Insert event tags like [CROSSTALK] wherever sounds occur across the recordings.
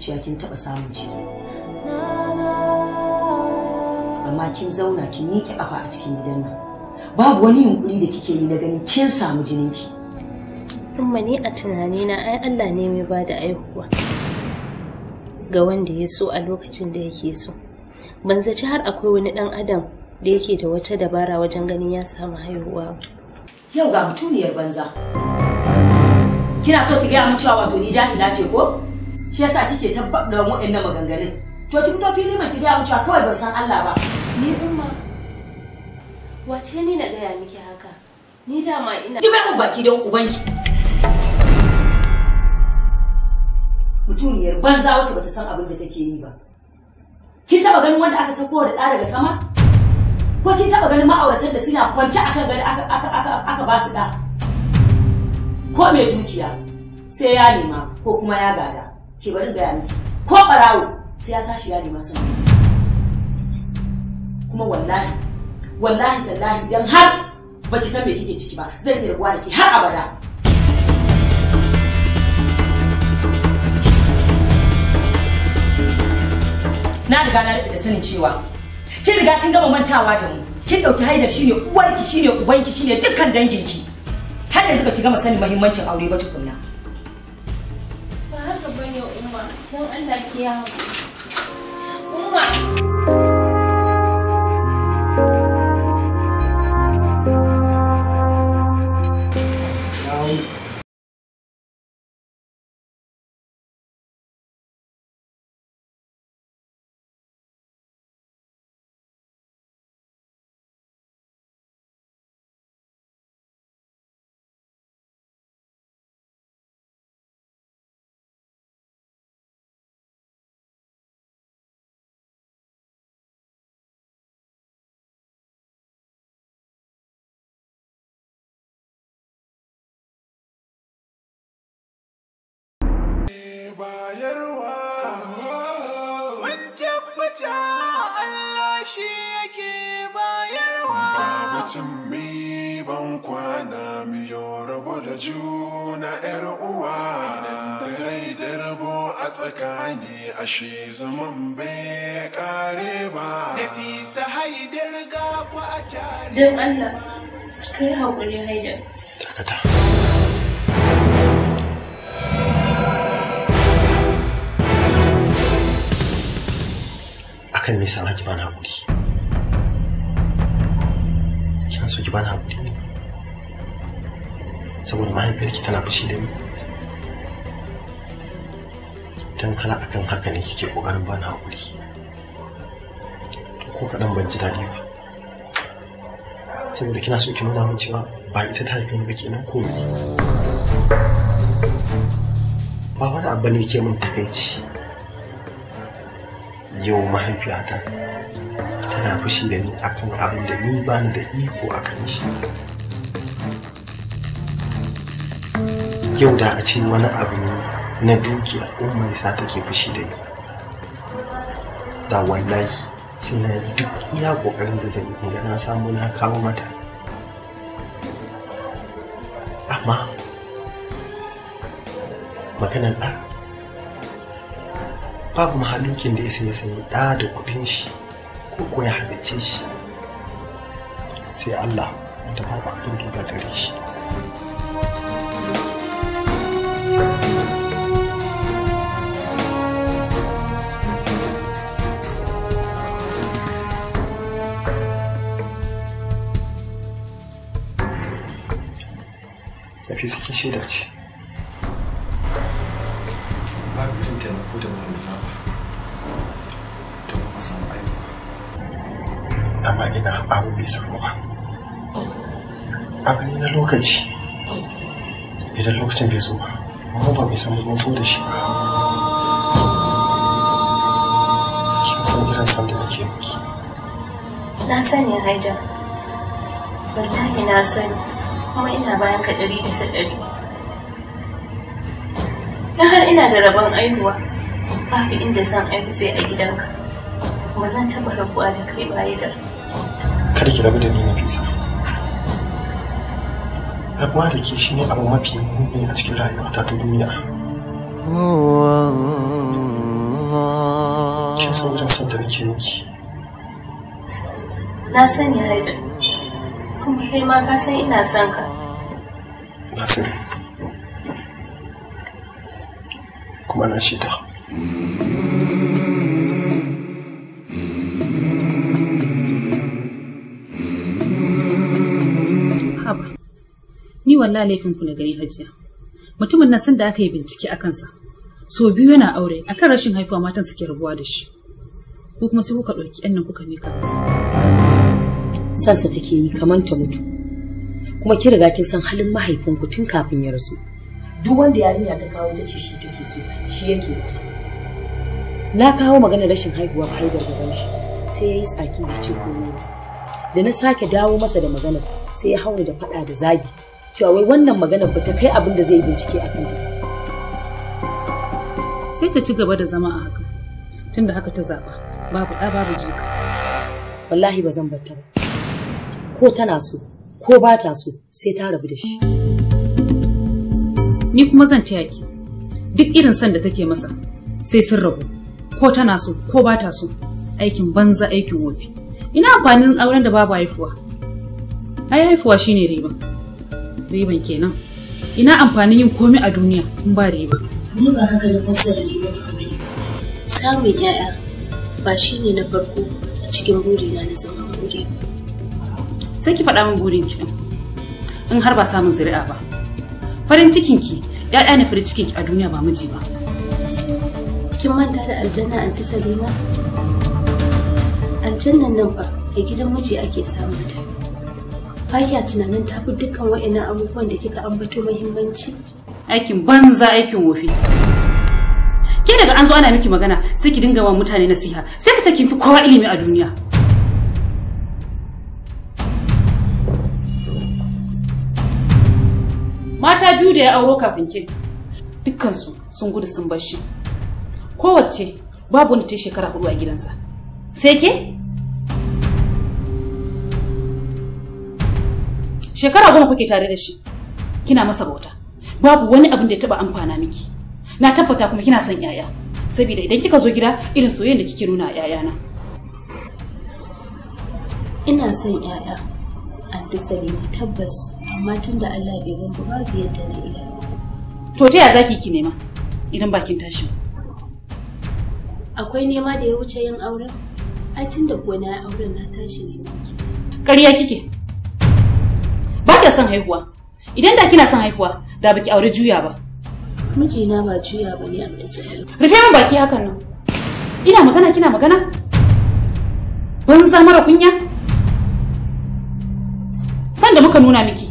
zuciya kin taɓa samun ciki amma kin zauna kin miƙe ƙafa a cikin gidan nan babu wani yunkuri da kike yi na gani kin samu ki. amma ni a tunanina ai Allah ne mai ba da aihuwa ga wanda ya so a lokacin da yake so ban zaci har akwai wani ɗan adam da yake da wata dabara wajen ganin ya samu haihuwa yau ga mutuniyar banza kina so ki gaya min cewa wato ni jahila ce ko shi yasa kike tabbab da wa'annan maganganun to kin to fili mai ki ga kawai ban san Allah ba ni umma wace ni na gaya miki haka ni da ma ina ki bai mu baki don ubanki mutumiyar banza wacce bata san abin da take yi ba kin taba ganin wanda aka sako da ɗa daga sama ko kin taba ganin ma'auratan da suna kwance akan gari aka aka aka aka ba su ɗa ko mai dukiya sai ya nema ko kuma ya gada Ke bari gaya miki. Ko barawo sai ya tashi ya nema sanin Kuma wallahi, wallahi tallahi idan har baki san me kike ciki ba, zan iya rabuwa da ke har abada. na riga na da sanin cewa kin riga kin gama mantawa da mu kin dauki haida shine uwarki shine ubanki shine dukkan danginki har yanzu ki gama sanin muhimmancin aure ba tukunna Don Allah ki ya haƙuri. tsakani ashe zaman bai kare ba da bisa haidar ga ku a tare don allah kai haƙuri haidar takata akan me sana ki bani haƙuri kin so ki bani haƙuri saboda mahaifiyarki tana fushi da ni tun kana akan haka ne kike kokarin bani hakuri ko kaɗan ban ji daɗi ba saboda kina so ki nuna min cewa ba ita ta haife ni ba kenan ko ni ba wani abu ne ke min takaici yau mahaifiyata tana fushi da ni akan abin da ni ba da iko akan shi yau da a ce wani abu ne na dukiya in mai take fushi da ni da wallahi sai na duk iya kokarin da zan yi na samu na kawo mata amma maganar ɗa babu mahalukin da ya sai sanyi ɗa da kuɗin shi ko ko ya halicce shi sai Allah da babu abin da ya shi nafi sakin shaida ce Ba irin taimako da wani na ba ta ba samu aiki ba amma ina abu bai samu ba abu ne na lokaci idan lokacin bai zo ba mu ba mai samu mun so da shi ba kin san irin san da nake miki na sani haidar wallahi na sani kuma ina bayan ka ɗari bisa ɗari Na har ina da rabon aihuwa babu inda zan aihu sai a gidanka kuma zan taɓa rabuwa da kai baye da kada ki rabu da ni na fisa rabuwa da ke shi ne abu mafi muni a cikin rayuwata ta duniya kin san irin son da nake miki na sani haifin kuma kai ma ka san ina son ka na sani kuma na shi ta haba ni wallahi laifin ku na gari hajiya mutumin na san da aka yi bincike a kansa so biyu yana aure akan rashin haifuwa matan suke rabuwa da shi ko kuma sai kuka ɗauki yan nan kuka mika kasa sansa take yi kamar ta mutu kuma ki riga kin san halin mahaifinku tun kafin ya rasu duk wanda yarinya ta kawo ta ce shi take so shi yake na kawo maganar rashin haihuwa haidar ban shi sai ya yi tsaki da ce komai da na sake dawo masa da maganar sai ya haura da faɗa da zagi cewa wai wannan maganar ba ta kai abin da zai bincike a kanta sai ta ci gaba da zama a haka tunda haka ta zaɓa babu ɗa babu jika wallahi ba zan bar ta ba ko tana so ko ba ta so sai ta rabu da shi ni kuma zan taya ki duk irin san da take masa sai sun rabu ko tana so ko ba ta so aikin banza aikin wofi ina amfanin auren da babu haifuwa ai haifuwa shine riba riban kenan ina amfanin yin komai a duniya in ba riba ni ba haka na fassara riba samun yaya ba shine na farko a cikin burina na zama sai ki faɗa min burin ki in har ba samun zuri'a ba farin cikin ki ya'ya ne farin cikin ki a duniya ba miji ba kin manta da aljanna anti salima aljannan nan ba da gidan miji ake samun ta ba kya tunanin ta fi dukkan wa'annan abubuwan da kika ambato muhimmanci aikin banza aikin wofi ke daga an zo ana miki magana sai ki dinga wa mutane nasiha sai ka ce kin fi kowa ilimi a duniya biyu da ya auro kafin ke dukkansu sun gudu sun bar shi kowace babu wani ta shekara hudu a gidansa sai ke shekara goma kuke tare da shi kina masa bauta babu wani abin da ya taba amfana miki na tabbata kuma kina son yaya saboda idan kika zo gida irin soyayyar da kike nuna a yayana ina son yaya a Salima tabbas amma tun da Allah bai ban ba babu yadda na iya to ta ya zaki ki nema idan bakin tashi akwai nema da ya wuce yin auren ai tun da kuwa na auren na tashi ne maki ƙarya kike ba kya son haihuwa idan da kina son haihuwa da baki aure juya ba mijina ba juya ba ne a matsayin rufe min baki hakan nan ina magana kina magana za mara kunya Sanda muka nuna miki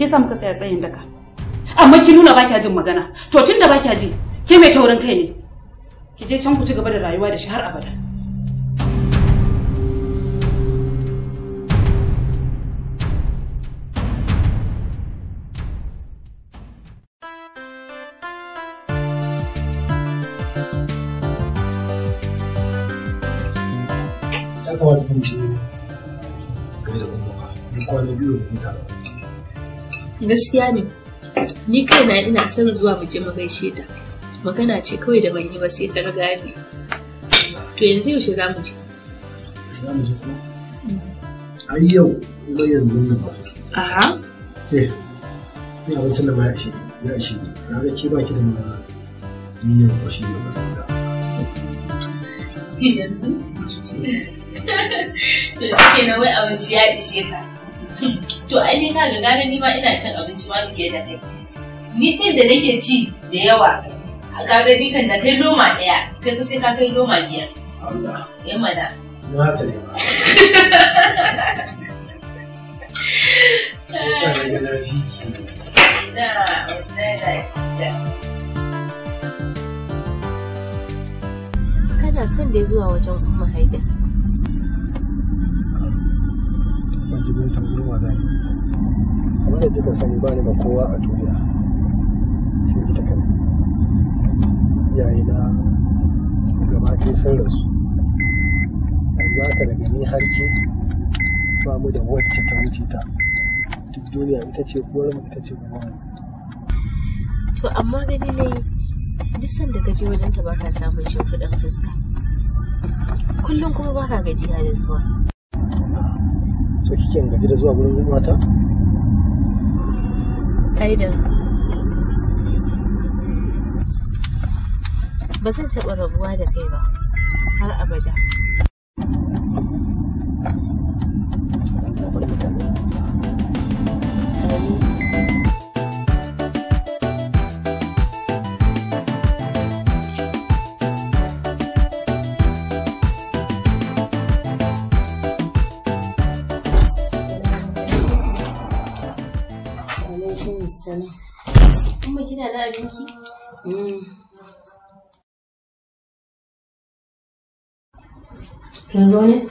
shi yasa muka tsaya tsayin daka amma ki nuna ba kya jin magana to tunda ba kya ji ke mai taurin kai ne ki je can ku ci gaba da rayuwa da shi har abada ya kamata kuma shi ne da kuma kwana biyu da kuma gaskiya ne ni kaina ina son zuwa mu je mu gaishe ta magana ce kawai da ban yi ba sai ka riga ni to yanzu yaushe za mu je za mu je ko ai yau ko yanzu ne ba aha eh ni abincin da ba ya shi ya shi na ga ke baki da ma niyyar ba shi ne ba ta yanzu [LAUGHS] to shi ne wai abinci ya ishe ka to ai ne ka ga gara ni ma ina cin abinci ma fiye da kai ni ɗin da nake ci da yawa a gara ni kan da kai loma ɗaya kai ka sai ka kai loma biyar ya mana na ta ne kana son da zuwa wajen kuma haida zan tambayi wa zan abinda kika sani ba ni ga kowa a duniya sai ita kan iyaye na gaba ɗaya sun rasu yanzu haka daga ni har ke ba mu da wacce ta wuce ta duk duniya ita ce kuwar mu ita ce kuma mu to amma gani ne duk sanda ka je wajen ta baka samun shimfiɗan fuska kullum kuma baka gajiya da zuwa so kike gaji da zuwa gurin mata aidan ba zan taɓa rabuwa da kai ba har abada salam kuma kina da abinki hmm. kin zo ne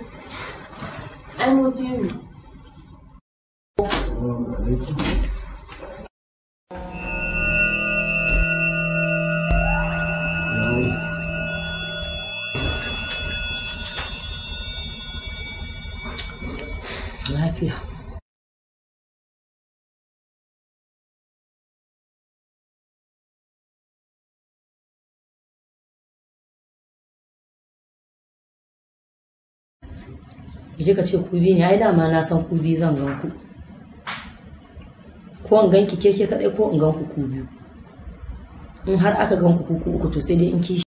je ka ce ku biyu ne ai dama na san ku biyu zan gan ku ko in ganki keke kadai ko in gan ku ku biyu in har aka gan ku ku uku to sai dai in kishi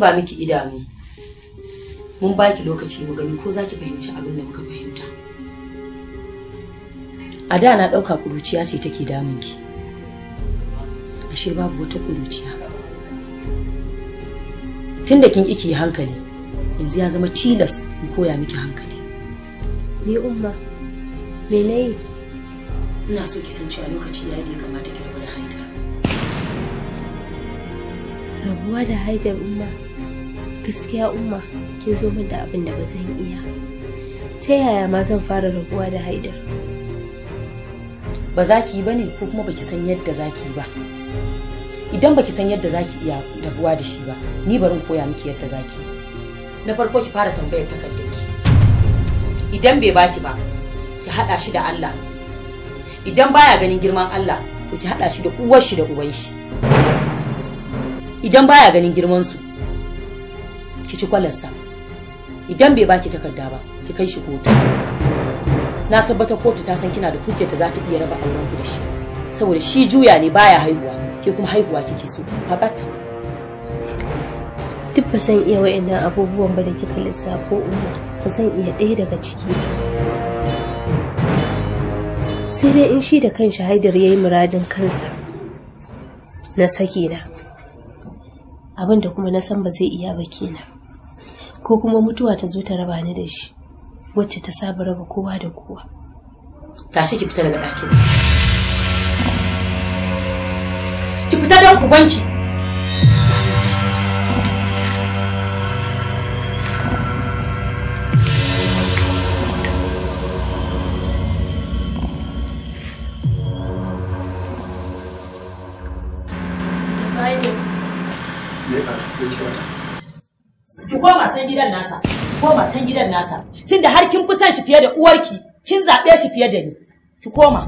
ba miki idanu mun ba ki lokaci mu gani ko za ki fahimci abin da muka fahimta a da na ɗauka kuruciya ce take damunki ashe babu wata kuruciya tun da kin ki hankali yanzu ya zama tilas mu koya miki hankali ni umma me na yi ina so ki san cewa lokaci ya yi kamata ki rabuwa da haidar umma gaskiya umma kin zo min da abin da ba zan iya ta yaya ma zan fara rabuwa da haidar ba za ki yi ba ne ko kuma baki san yadda za ki yi ba idan baki san yadda za ki iya rabuwa da shi ba ni barin koya miki yadda za ki na farko ki fara tambayar takardar ki idan bai baki ba ki hada shi da Allah idan baya ganin girman Allah to ki hada shi da uwar shi da uban shi idan baya ganin girman ki ci kwalarsa idan bai baki takarda ba ki kai shi kotu na tabbata kotu ta san kina da hujjar ta za ta iya raba auren ku da shi saboda shi juya ne baya haihuwa ke kuma haihuwa kike so fakat duk ba zan iya wa'annan abubuwan ba da kika lissafo umma ba zan iya ɗaya daga ciki sai dai in shi da kanshi haidar ya yi muradin kansa na sakina abin da kuma na san ba zai iya ba kenan ko kuma mutuwa ta zo ta raba ni da shi wacce ta saba raba kowa da kowa tashi ki fita daga ɗakin ki fita don ku gwanki. can gidan nasa koma can gidan nasa tunda har kin fi son shi fiye da uwarki kin zaɓe shi fiye da ni ki koma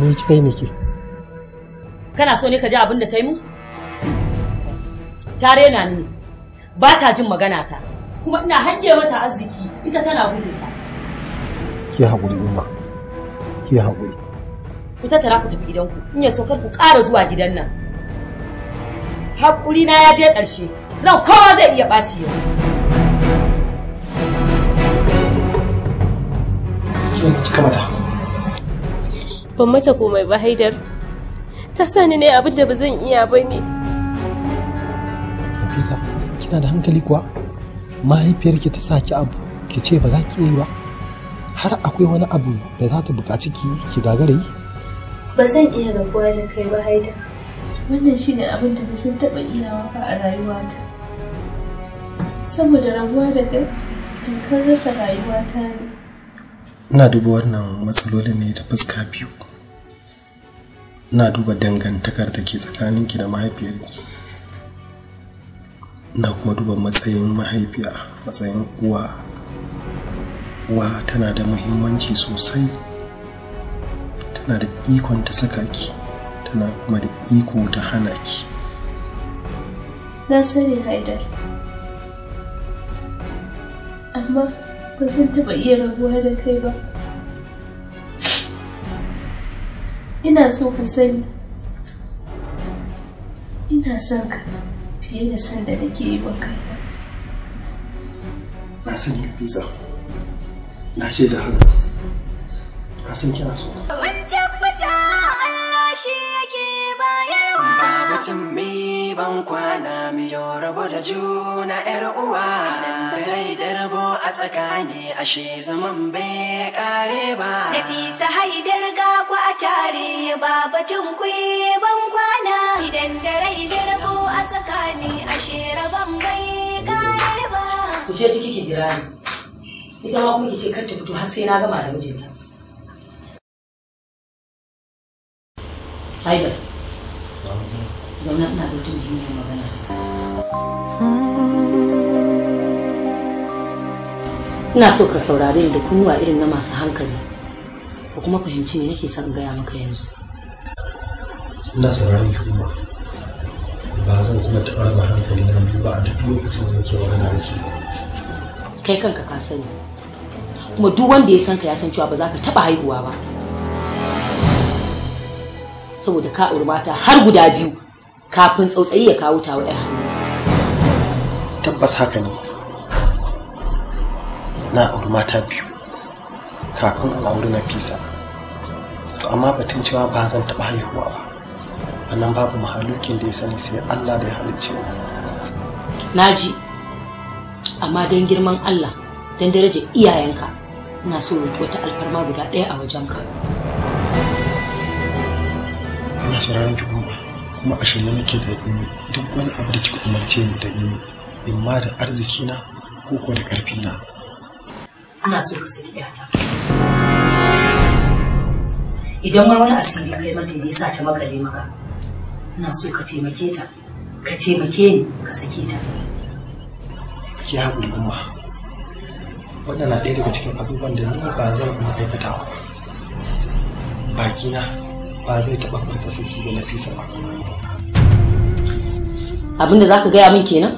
me kai nake ke kana so ne ka ji abin da ta yi mu ta rena ni ba ta jin magana ta kuma ina hange mata arziki ita tana gudunsa ki haƙuri umma ki haƙuri ku tattara ku tafi gidanku in ya so kar ku ƙara zuwa gidan nan hakuri na ya je ƙarshe nan kowa zai iya ɓaci yau Ban mata ko mai bahaidar Ta sani ne abin da ba zan iya ba ne. Nafisa, kina da hankali kuwa? Mahaifiyarki ta ki abu, ki ce ba za ki yi ba. Har akwai wani abu da za ta buƙaci ki ki yi? Ba zan iya rabuwa da kai ba haidar. wannan shi ne abin da sun taɓa iyawa ba a rayuwata saboda rabuwa da kai rasa rayuwata ne ina duba wannan matsalolin ne ta fuska biyu ina duba dangantakar da ke tsakaninki da mahaifiyarki na kuma duba matsayin mahaifiya matsayin uwa uwa tana da muhimmanci sosai tana da ikon ta saka ki tana kuma da iko ta hana ki na sani haidar amma ba zan taɓa iya rabuwa da kai ba ina so ka sani ina son ka fiye da san da nake yi maka. na sani Hafiza na shaida haka na san kina so batun ban kwana mi rabo da juna yar uwa da rai da rabo a tsakani ashe zaman bai kare ba nafisa haidar ga ku a tare ba batun ku ban kwana idan da rai da rabo a tsakani ashe rabon bai kare ba ku je ciki ki jira ni ita ma kuma ki ce kar ta fito har sai na gama da mijinta Haidar. zauna ina da wata muhimmiyar magana ina so ka saurare da kunwa irin na masu hankali ko kuma fahimci ne nake son gaya maka yanzu ina sauraron ki kuma ba zan kuma taɓa ba hankali na biyu ba a duk lokacin da nake magana da ke kai kanka ka sani kuma duk wanda ya san ka ya san cewa ba za ka taɓa haihuwa ba saboda ka mata har guda biyu kafin tsautsayi ya kawo tawadar hannu tabbas haka ne na auri mata biyu kafin in auri na fisa to amma batun cewa ba zan taɓa haihuwa ba wannan babu mahalukin da ya sani sai allah da ya halicce na ji amma don girman allah don daraja iyayenka ina so wata alfarma guda ɗaya a wajenka ina sauraron ki kuma kuma a shirye nake da in duk wani abu da kika umarce ni da in in ma da arziki na ko ko da karfi na ana so ka saki ta idan ma wani asiri kai mata ne sa ta makale maka ina so ka taimake ta ka taimake ni ka sake ta ki haƙuri umma wannan na ɗaya daga cikin abubuwan da ni ba zan iya aikatawa ba na. ba zai taɓa furta saki ga nafisa ba abin da za ka gaya min kenan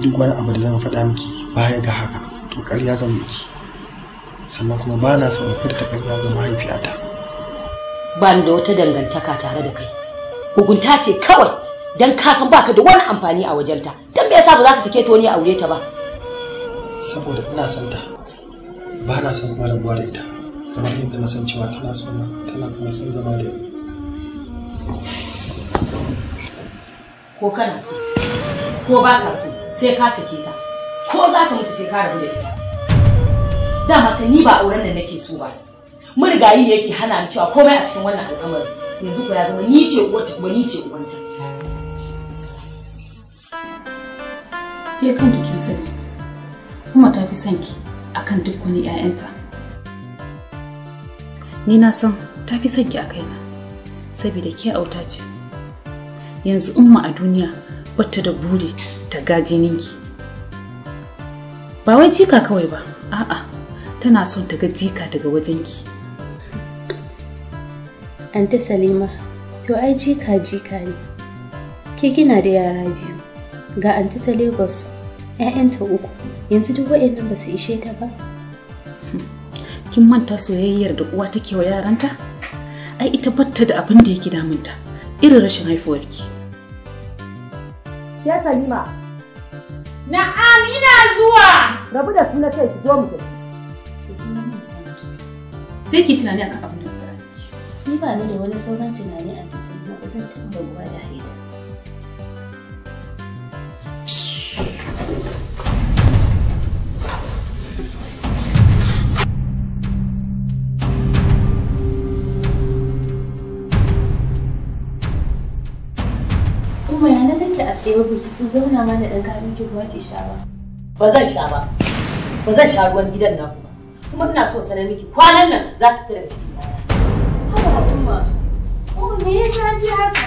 duk wani abu da zan faɗa miki baya ga haka to ƙarya zan miki sannan kuma ba na son furta ƙarya ga mahaifiyata ba ni da wata dangantaka tare da kai hukunta ce kawai don ka san baka da wani amfani a wajenta don me yasa ba za ka sake ta wani aure ta ba saboda ina son ta ba na son kuma rabuwa da ita kamar yadda na san cewa tana so tana kuma san zama da ni ko kana so ko ba ka so sai ka sake ta ko za ka mutu sai ka rabu da ita dama ta ni ba auren da nake so ba marigayi ne yake hana ni cewa komai a cikin wannan al'amari yanzu ko ya zama ni ce uwarta kuma ni ce uwanta ke kanki ke sani kuma ta fi son ki akan duk wani 'ya'yanta ni na san ta fi son ki a kaina saboda ke auta ce yanzu umma a duniya bata da buri ta gaji ninki ba wai jika kawai ba a'a tana son ta ga jika daga wajenki Anta salima to ai jika jika ne ke kina da yara biyu ga Anta ta lagos 'ya'yanta uku yanzu duk waɗannan ba su ishe ta ba kin manta soyayyar da uwa take wa yaranta ai ita batta da abin da yake damunta irin rashin haifuwarki ya salima na'am ina zuwa rabu da suna sai ki zo mu tafi sai ki tunani akan abin da ba ni ba ni da wani sauran tunani a cikin ba zan taɓa rabuwa da gaske ba ki sun zauna ma da ɗan kayan ki ruwa ki sha ba. Ba zan sha ba. Ba zan sha ruwan gidan na kuma. Kuma ina so sanar miki kwanan nan za ta fita daga cikin baya. Haba kuma. Kuma me ya ta ji haka?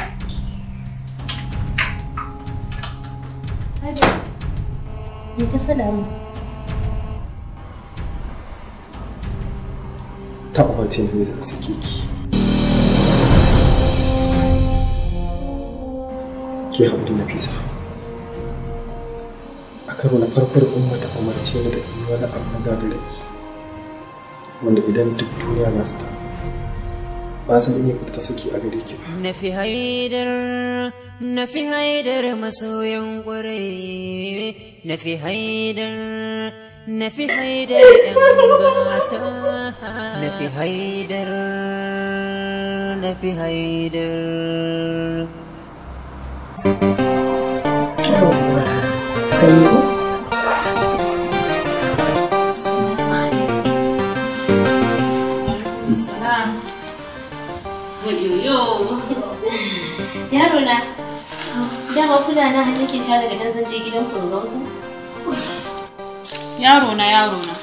Hajji. Me ta faɗa mu? Ta umarce ni da sake ki. ke haƙuri Nafisa. A karo na farko da umma ta umarce ni da in wani abu na gagare wanda idan duk duniya na su ba zan iya fita saki a gare ki ba. Nafi haidar Nafi haidar masoyan ƙwarai Nafi haidar Nafi haidar ƴan gata Nafi haidar Nafi haidar Sai ku. Yaro na, dama kuna na hannun ke daga nan zan je gidan kurganku? Yaro na yaro na,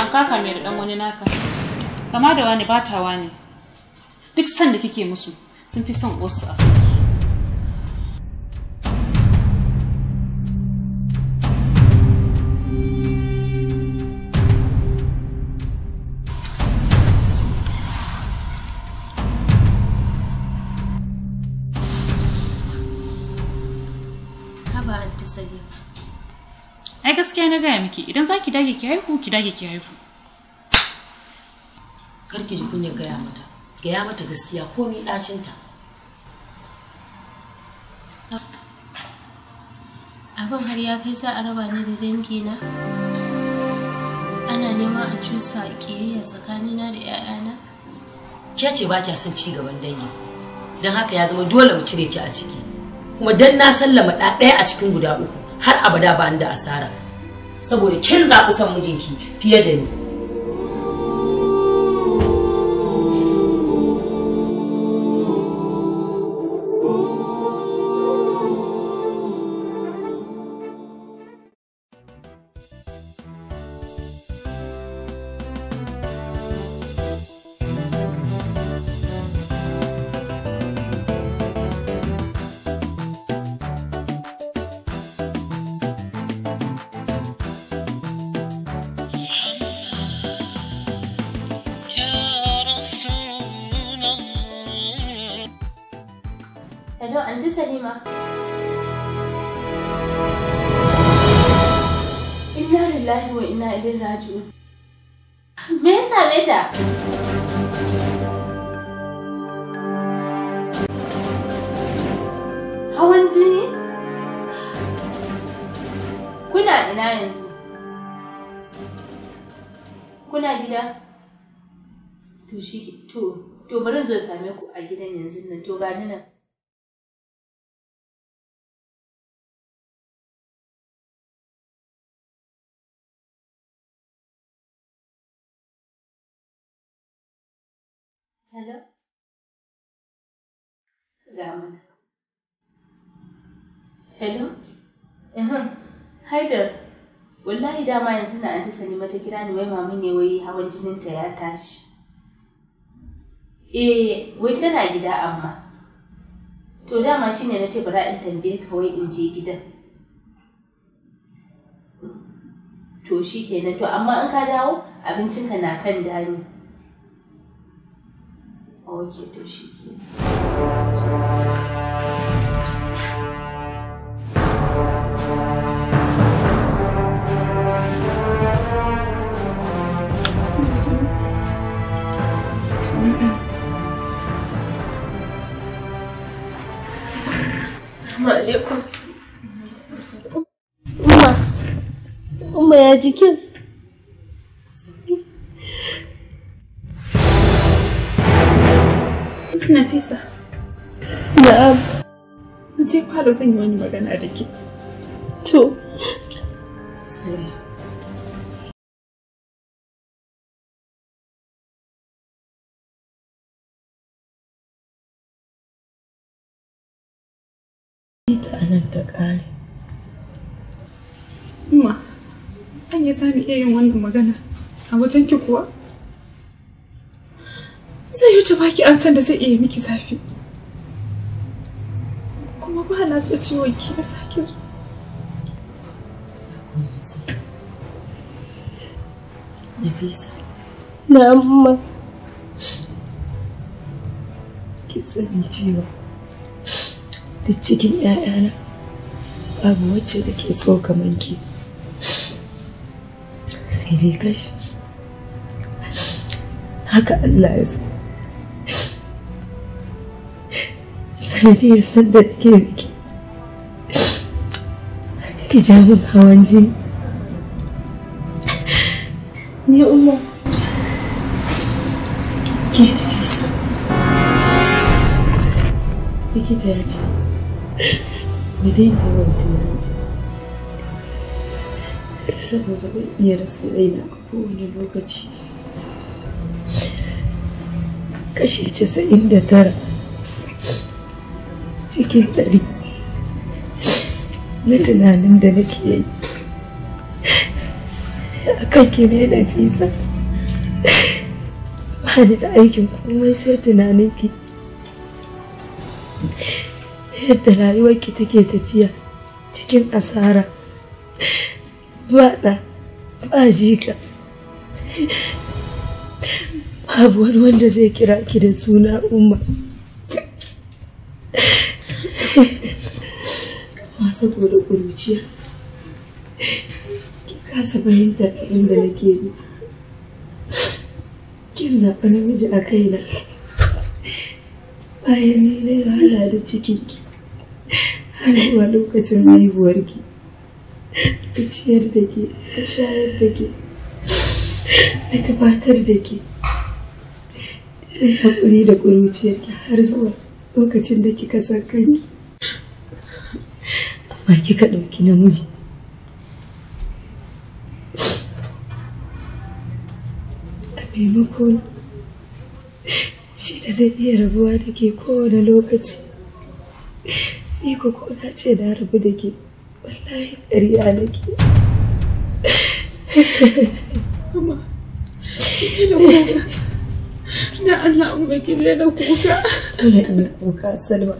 an kaka mai da ɗan wani naka, kama da wani batawa wani. duk sanda kike musu sun fi son wasu a gaskiya na gaya miki idan za dage ki haihu ki dage ki haihu karki ji kunya gaya mata gaya mata gaskiya komi ɗacinta abin har ya kai za a raba ni da dangi na ana nema a cusa ƙiyayya tsakanina da 'ya'yana ke ce ba kya son ci gaban dangi don haka ya zama dole mu cire ki a ciki kuma dan na sallama ɗaya a cikin guda uku har abada ba da asara saboda kin zaɓi son mijinki fiye da ni سليمة Inna lillahi wa inna ilaihi raji'un. Me ya same ta? Hawan jini? Kuna ina yanzu? Kuna gida? To shi to to bari zo same ku a gidan yanzu nan to gani nan. Hello? Ga mana. Hello? Ehem, Haidar, wallahi dama yanzu na sani mata kira ni wai mami ne wai hawan ta ya tashi. Eh, wai tana gida amma. To dama shine na ce bara in tambaye ka wai in je gidan. To shi kenan, to amma in ka dawo abincinka na kan dani. ódio do xismo. Valeu. Uma. Uma é dica. Nafisa. Na'am. Zan je falo zan yi wani magana da ke. To. Ma, an yi sami iya yin wannan magana a wajen ki kuwa? zai wuce baki an san da zai iya miki zafi kuma ba na so ciwon ki ya sake zo Na amma. Ki tsani cewa duk cikin ‘ya'yana babu wacce da ke so kamar ki. Sai dai kashi. Haka Allah ya so. sanadiyar sanda take biki ki ja min hawan jini ni umma ke da nisa likita ya ce dai daina yawan tunani saboda zan iya rasa raina a kowane lokaci kashi casa'in da tara cikin ɗari na tunanin da nake yi akan ki ne na fisa ba ni da aikin komai sai tunanin ki yadda rayuwarki take tafiya cikin asara ba ɗa ba jika babu wani wanda zai kira ki da suna umma saboda ƙuruciya ki kasa fahimtar abin da nake yi kin zaɓi namiji a kaina bayan ni na wahala da cikinki har zuwa lokacin ki ki ciyar da ke da shayar da ke da gabatar da ke ki haƙuri da ƙuruciyarki har zuwa lokacin da kika san kanki ba kika ɗauki namiji maimakon shi da zai iya rabuwa da ke kowane lokaci ni ko ko na ce na rabu da ke wallahi ƙarya ke Mama, ke da kuka. Na Allah, umar ki da kuka. tuna in kuka, salwa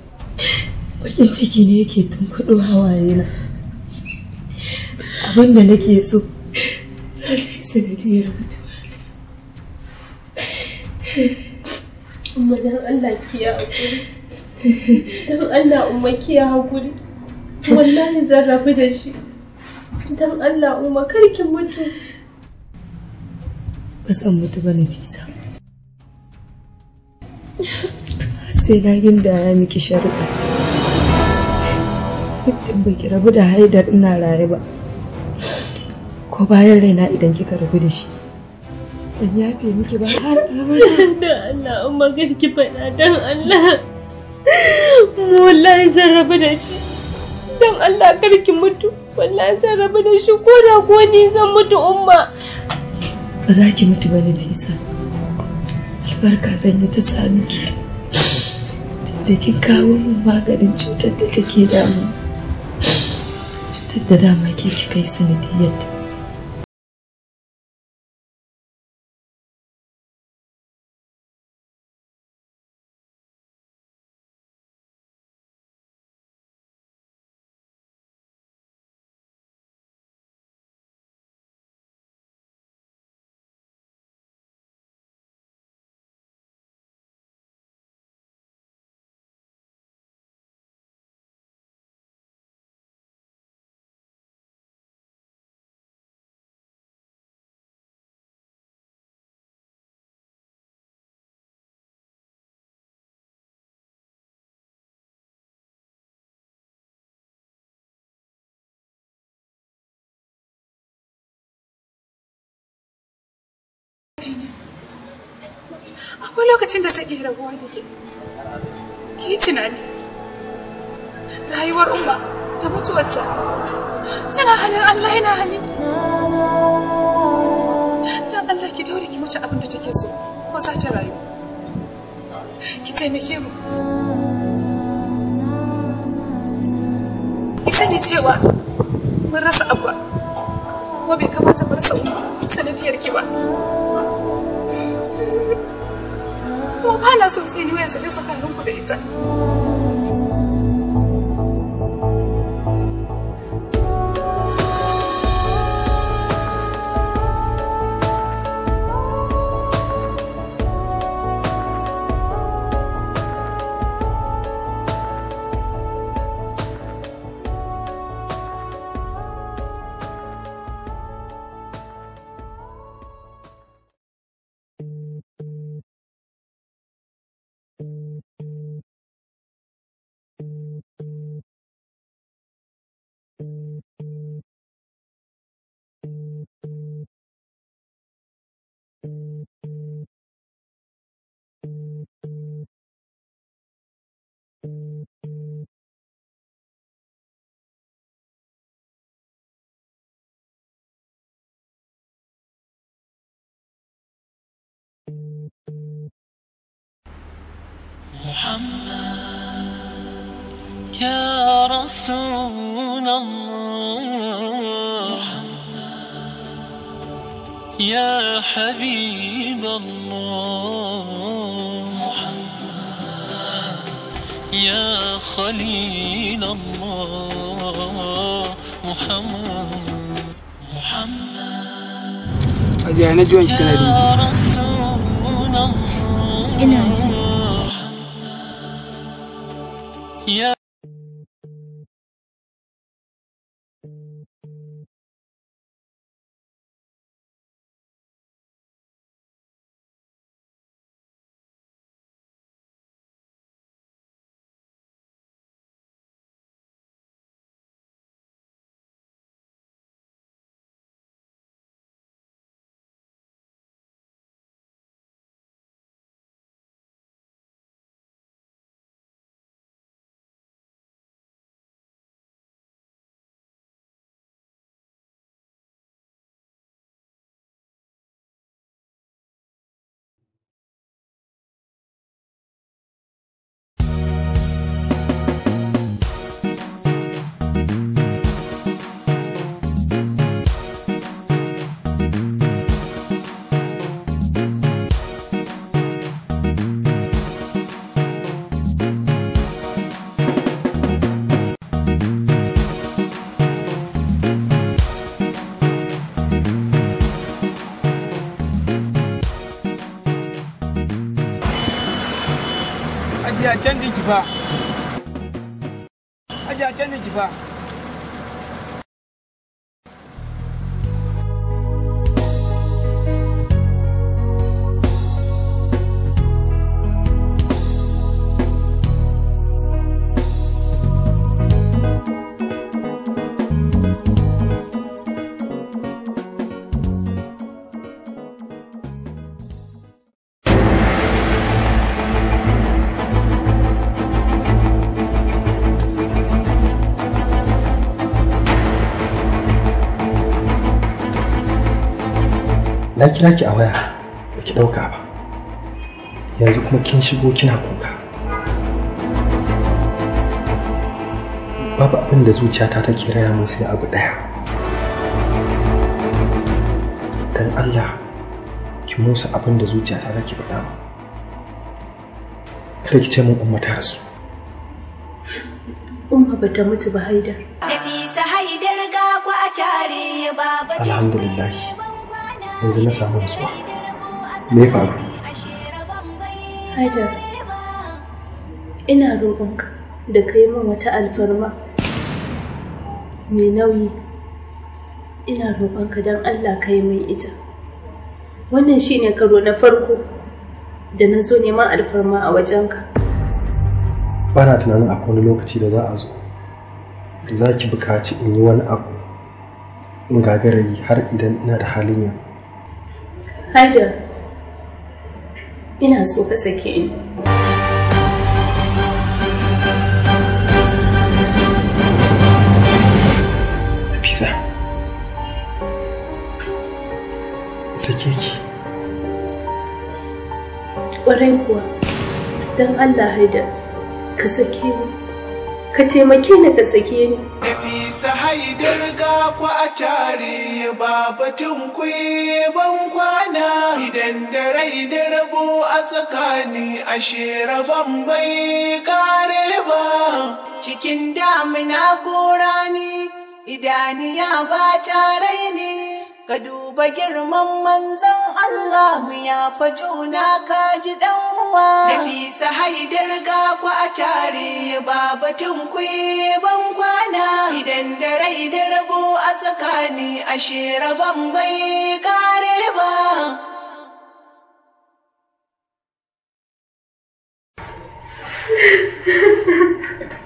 bakin ciki ne yake tunkuɗo hawaye na abin da nake so za ta yi sanadiyar mutuwa amma don Allah kiya hakuri don Allah umma kiya hakuri wallahi zan rafi da shi don Allah umma karki mutu ba san mutu ba na fisa sai na gindaya miki sharuɗa muddin baki rabu da haidar ina raye ba ko bayan raina idan kika rabu da shi ban yafe miki ba har abada [LAUGHS] da Allah amma ki faɗa dan Allah mu wallahi zan rabu da shi dan Allah kar ki mutu wallahi zan rabu da shi ko da ko ni zan mutu umma ba za ki mutu ba Nafisa albarka zan yi ta sami ki da kin kawo min maganin cutar da take damu duk da dama ke kika yi sanadiyyar akwai lokacin da zai iya rabuwa da ke ki yi tunani rayuwar umma da mutuwarta tana halin allah yana halin don allah ki daure ki mace abin da take so ko za ta rayu ki taimake mu ki sani cewa mun rasa abba kuma bai kamata mu rasa umma sanadiyar ki ba kuma ba na so tsiniwa ya tsakanin ku da ita. رسول الله يا حبيب الله يا خليل الله محمد محمد أجي أنا جوين كنا دي إنا أجي canjin ki fa. Hajiya canjin ki fa. kira ki a waya ba ki ɗauka ba yanzu kuma kin shigo kina kuka babu abin da zuciyata take raya min sai abu ɗaya don allah ki musu abin da zuciyata take faɗa min kada ki ce min umma ta rasu umma bata mutu ba haidar Alhamdulillah yanzu na samu nutsuwa me ya faru haidar ina roƙonka da ka yi min wata alfarma mai nauyi ina roƙonka don allah ka yi min ita wannan shine karo na farko da na zo neman alfarma a wajenka ba na tunanin akwai wani lokaci da za a zo da za ki buƙaci in yi wani abu in gagarayi har idan ina da halin yau Haidar, ina so ka sake ni. Nafisa, sake ki. Ƙwarai kuwa, don Allah Haida, ka sake ni. ka taimake ni ka sake ni. Bisa haidar ga ku a tare batun ku ban kwana idan da rai da rabo a tsakani a shera ban bai kare ba. Cikin damina gora ni ya ba tare ne. Ka duba girman manzan Allah mu yafa juna ka ji dan uwa. sa haidar ga ku a tare ba batun ku ban kwana. Idan da rai da rabo a tsakani a shera ban bai kare ba. [LAUGHS]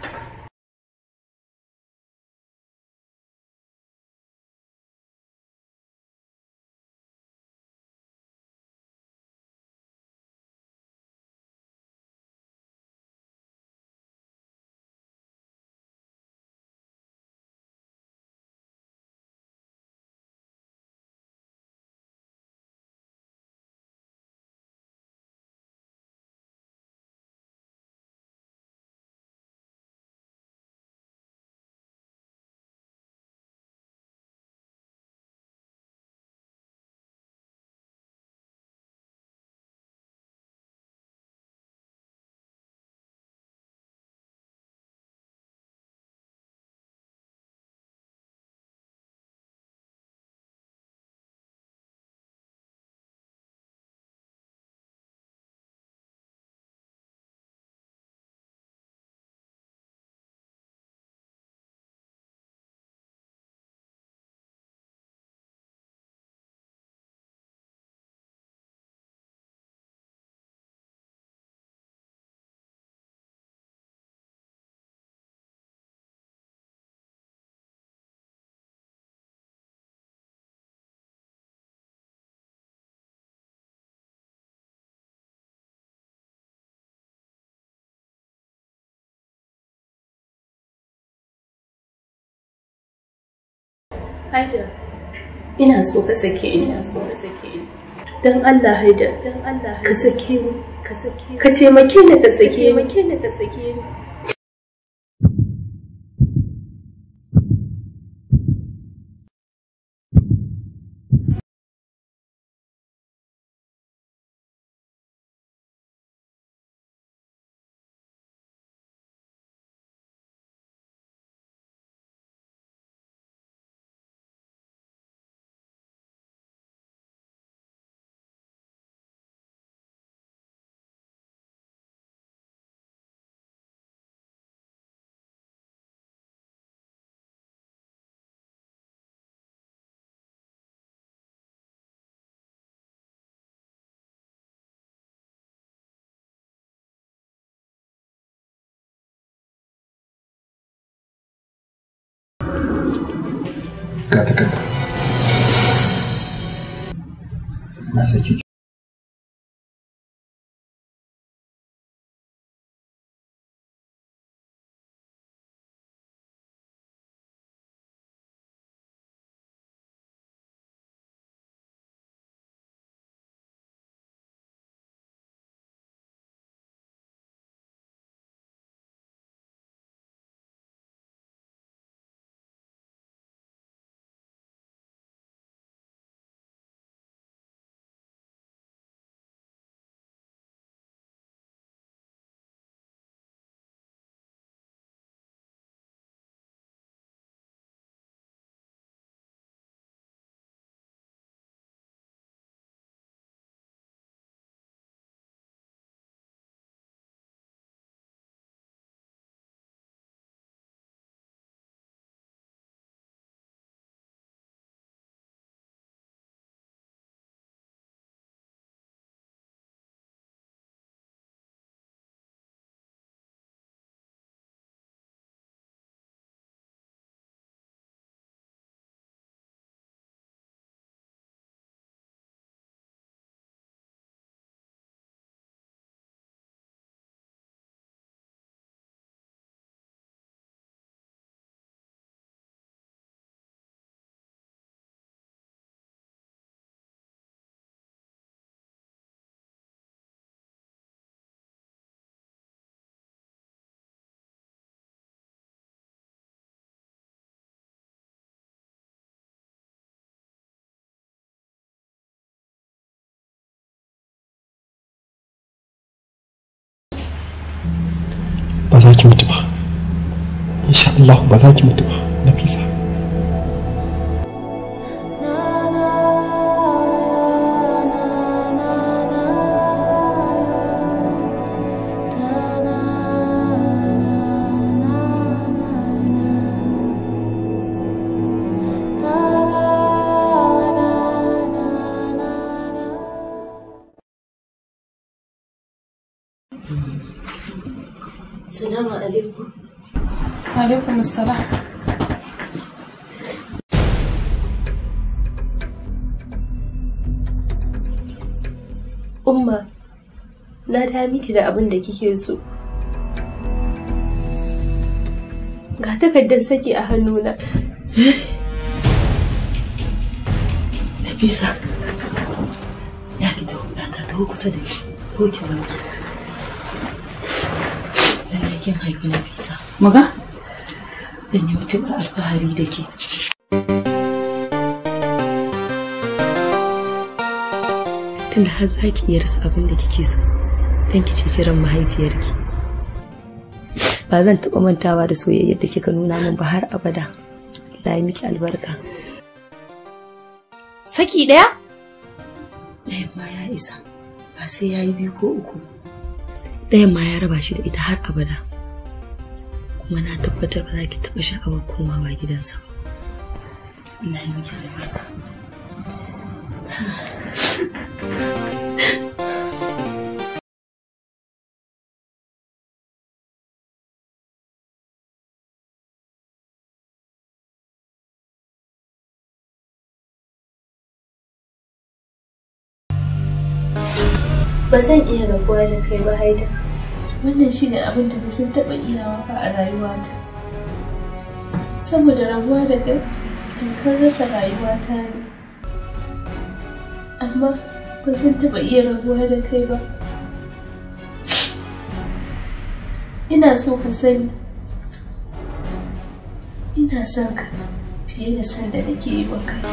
Haida. ina so ka sake ni, ina so ka sake ni. Don Allah haida, don Allah ka sake ni, ka sake ni. Ka taimake ni ka sake ni, ka taimake ni ka sake ni. gata gata masa saki Allah ba za ki mutu ba Nafisa daidai miki da abin da kike so. Ga takardar saki a hannuna. Nafisa, ya ki da ta taho kusa da shi, ko ki zama. Lalle kin haifi Nafisa. Maga? Dan ya wuce alfahari da ke. tunda har za ki iya rasa abin da kike so don ki ceci ran mahaifiyarki ba zan taɓa mantawa da soyayyar da kika nuna min ba har abada Allah miki albarka saki ɗaya ɗayan ma ya isa ba sai ya yi biyu ko uku ɗayan ma ya raba shi da ita har abada kuma na tabbatar ba za ki taɓa sha'awar komawa gidansa ba Allah ya miki albarka ba zan iya rabuwa da kai ba haida wannan shi ne abin da ba zan taɓa iyawa ba a rayuwata saboda rabuwa da kai tamkar rasa rayuwata ne amma ba zan taɓa iya rabuwa da kai ba ina so ka sani ina son ka fiye da sanda da nake yi wa kai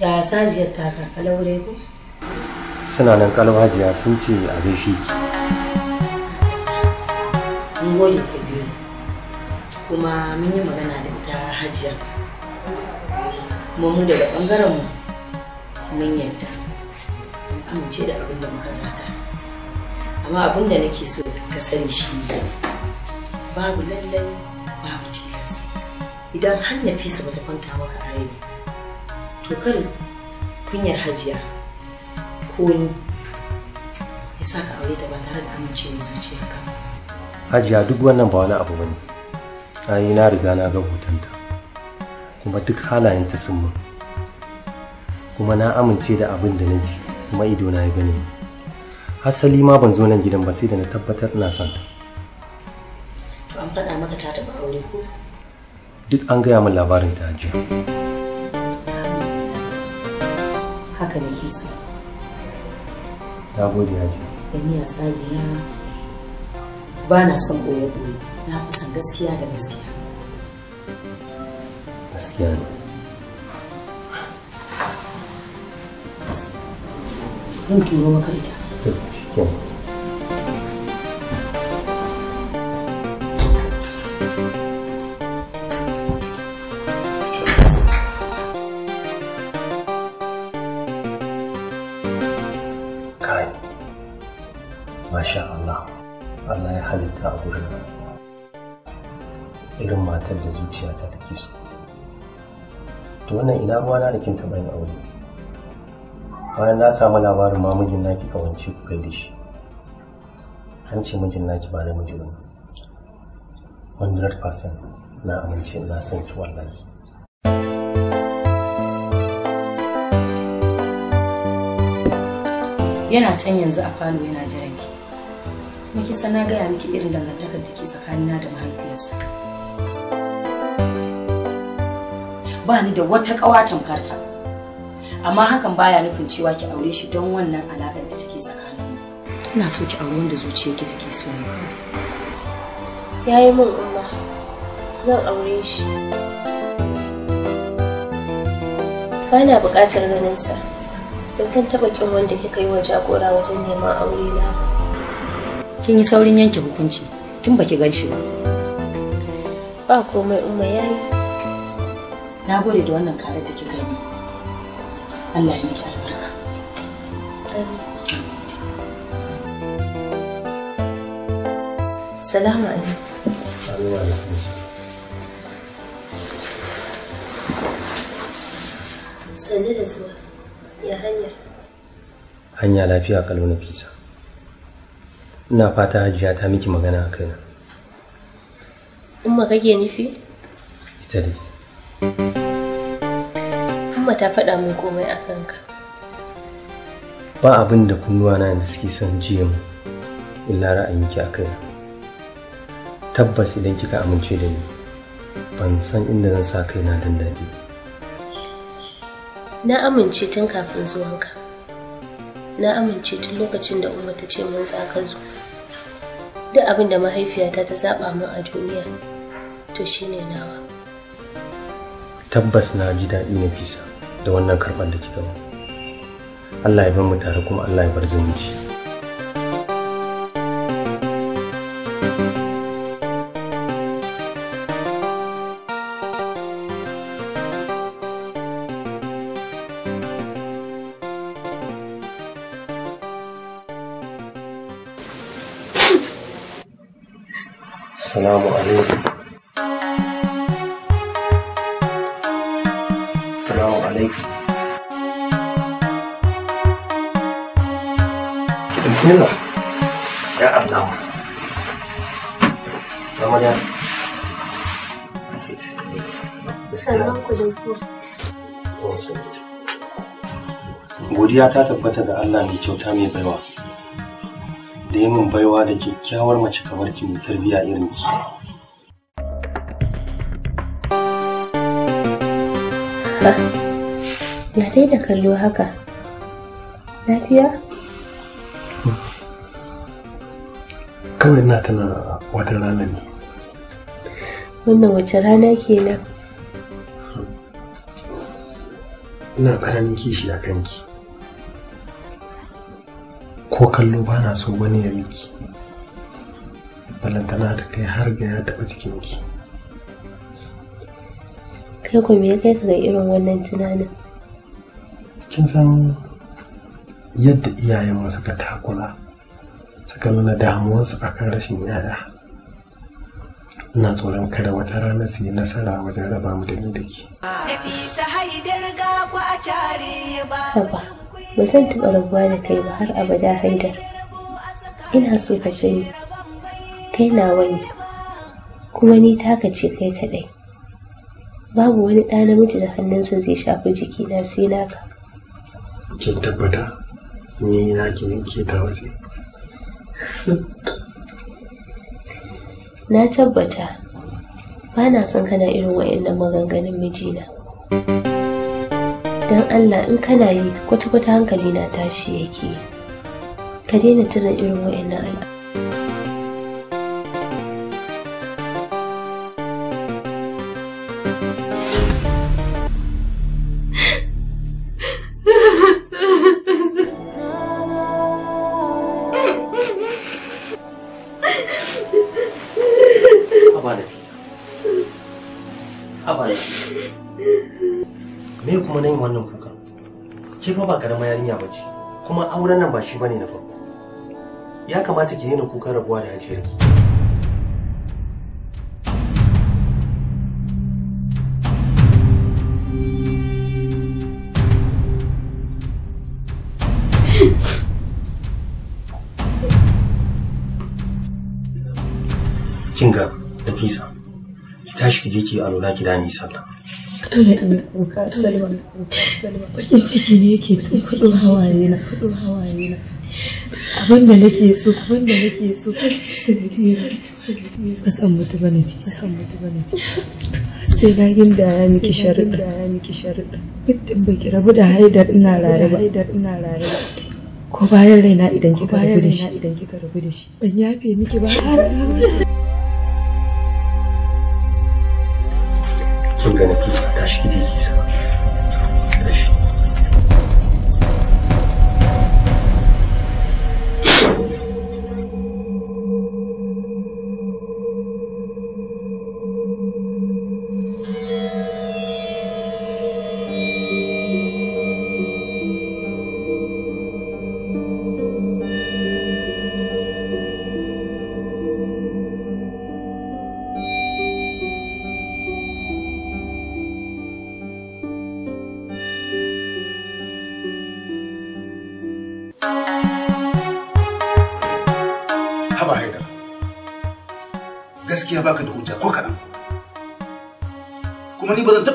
ya sajiyar taka kalaure ku suna nan kalwajiya sun ce a gaishe ki mun gode ka biyu kuma mun yi magana da ita hajiya kuma mu daga bangaren mu mun yarda amince da abin da muka zata amma abin da nake so ka sani shi ne babu lallai babu cikas idan har nafisa bata kwanta maka a rai dokar kunyar hajiya ko ni ya sa ka aure ta ba tare da zuciya ka hajiya duk wannan ba wani abu bane ai na riga na ga hotonta kuma duk ta sun mun kuma na amince da abin da na ji kuma ido na ya gani hasali ma ban zo nan gidan ba sai da na tabbatar ina son ta to an faɗa maka ta taɓa aure ko duk an gaya min labarin ta hajiya haka ke so ta gode ya ce da tsari na ba na son ɓoye ɓoye na fi gaskiya da gaskiya gaskiya ne turo shi matar da zuciyata take so to wannan ina ruwa da kin taɓa yin aure bayan na samu labarin ma mijin naki kawance ku kai da shi an ce mijin naki ba da miji rat 100% na amince na san ki wallahi yana can yanzu a falo yana jiran ki. miki sana gaya miki irin dangantakar da ke tsakanina da mahaifiyarsa. Bani da wata kawa tamkarta amma hakan baya nufin cewa ki aure shi don wannan alaƙar da take tsakanin ina so ki aure wanda zuciyarki take so ne kawai yayi min umma zan aure shi bana buƙatar ganin sa ba zan taɓa kin wanda kika yi wa jagora wajen neman aure na kin yi saurin yanke hukunci tun baki gan shi ba ba komai umma yayi na gode da wannan kare da kika yi Allah ya miki albarka salamu alaikum sannu da zuwa ya hanyar hanya lafiya kalau na fisa ina fata hajiya ta miki magana a kaina Umma ma kake nufi ita dai Umma ta faɗa min komai a kanka. Ba abin da kunnuwana da suke son jiya mu illa ra'ayinki a kai. Tabbas idan kika amince da ni ban san inda zan sa kaina dan daɗi. Na amince tun kafin zuwanka. Na amince tun lokacin da Umma ta ce mun tsaka zo. Duk abin da mahaifiyata ta zaɓa min a duniya to shine nawa. tabbas na ji daɗi na fisa da wannan karɓar da kika ba Allah ya bar mu tare kuma Allah ya bar zumunci. godiya ta tabbata ga Allah mai kyauta mai baiwa da yi min baiwa da kyakkyawar mace kamar ki mai tarbiyya irin ki ya dai da kallo haka lafiya kawai na tana wata rana ne wannan wace rana kenan ina tsananin kishi a kanki ko kallo ba na so wani ya miki balantana da kai har ga ya taɓa jikinki kai ku me kai ka ga irin wannan tunanin kin san yadda iyayenmu suka takura suka nuna damuwansu akan rashin yaya ina tsoron kada wata rana su yi nasara wajen raba mu da ni da ke. Nafisa ba zan taɓa rabuwa da kai ba har abada haidar ina so ka sani kai nawa ne kuma ni taka ce kai kaɗai babu wani ɗa namiji da hannunsa zai shafi jikina sai naka kin tabbata ni na ki ke ta waje na tabbata ba na son kana irin wa'annan maganganun mijina. don allah in kana yi kwata-kwata hankali na tashi yake ka daina tunan irin wa'annan ce kuma auren nan ba shi bane na farko ya kamata ki daina kuka rabuwa da hajiyarki kinga da fisa ki tashi ki je ki alula ki da ni, sallah dole bakin ciki ne yake tukudu hawaye na kudu hawaye na abin nake so da nake so sanadiyar ba san mutu na san mutu ba na sai na ginda ya miki sharuɗa ya miki sharuɗa baki rabu da haidar ina raye ba haidar ina raye ko bayan raina idan kika rabu da shi idan kika rabu da shi ban yafe miki ba har kin ga nafisa tashi shi kije kisa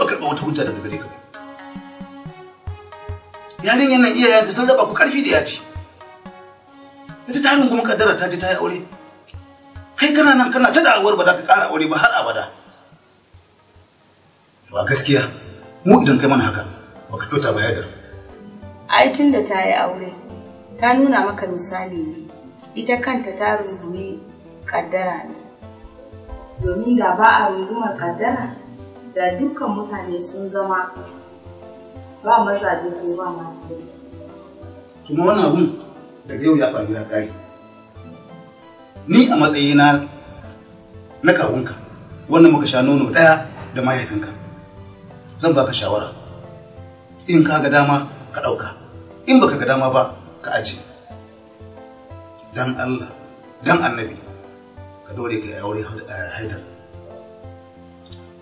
taɓa wata hujja daga gare ka ba yana nan iyayenta sun raba ku ƙarfi da yaci ita tarin kuma kaddara ta je ta yi aure kai kana nan kana ta da'awar ba za ka kara aure ba har abada wa gaskiya mu idan kai mana haka ba ka kyauta ba da. ai tun da ta yi aure ta nuna maka misali ne ita kanta ta rungumi kaddara ne domin da ba a rungumar kaddara da dukkan mutane sun zama ba mazaje ko ba mata kuma wani abun daga yau ya faru ya kare ni a matsayina na kawunka wannan muka sha nono daya da mahaifinka zan baka shawara in ka ga dama ka ɗauka in baka ga dama ba ka aje dan Allah dan annabi ka dore ka aure eh, haidar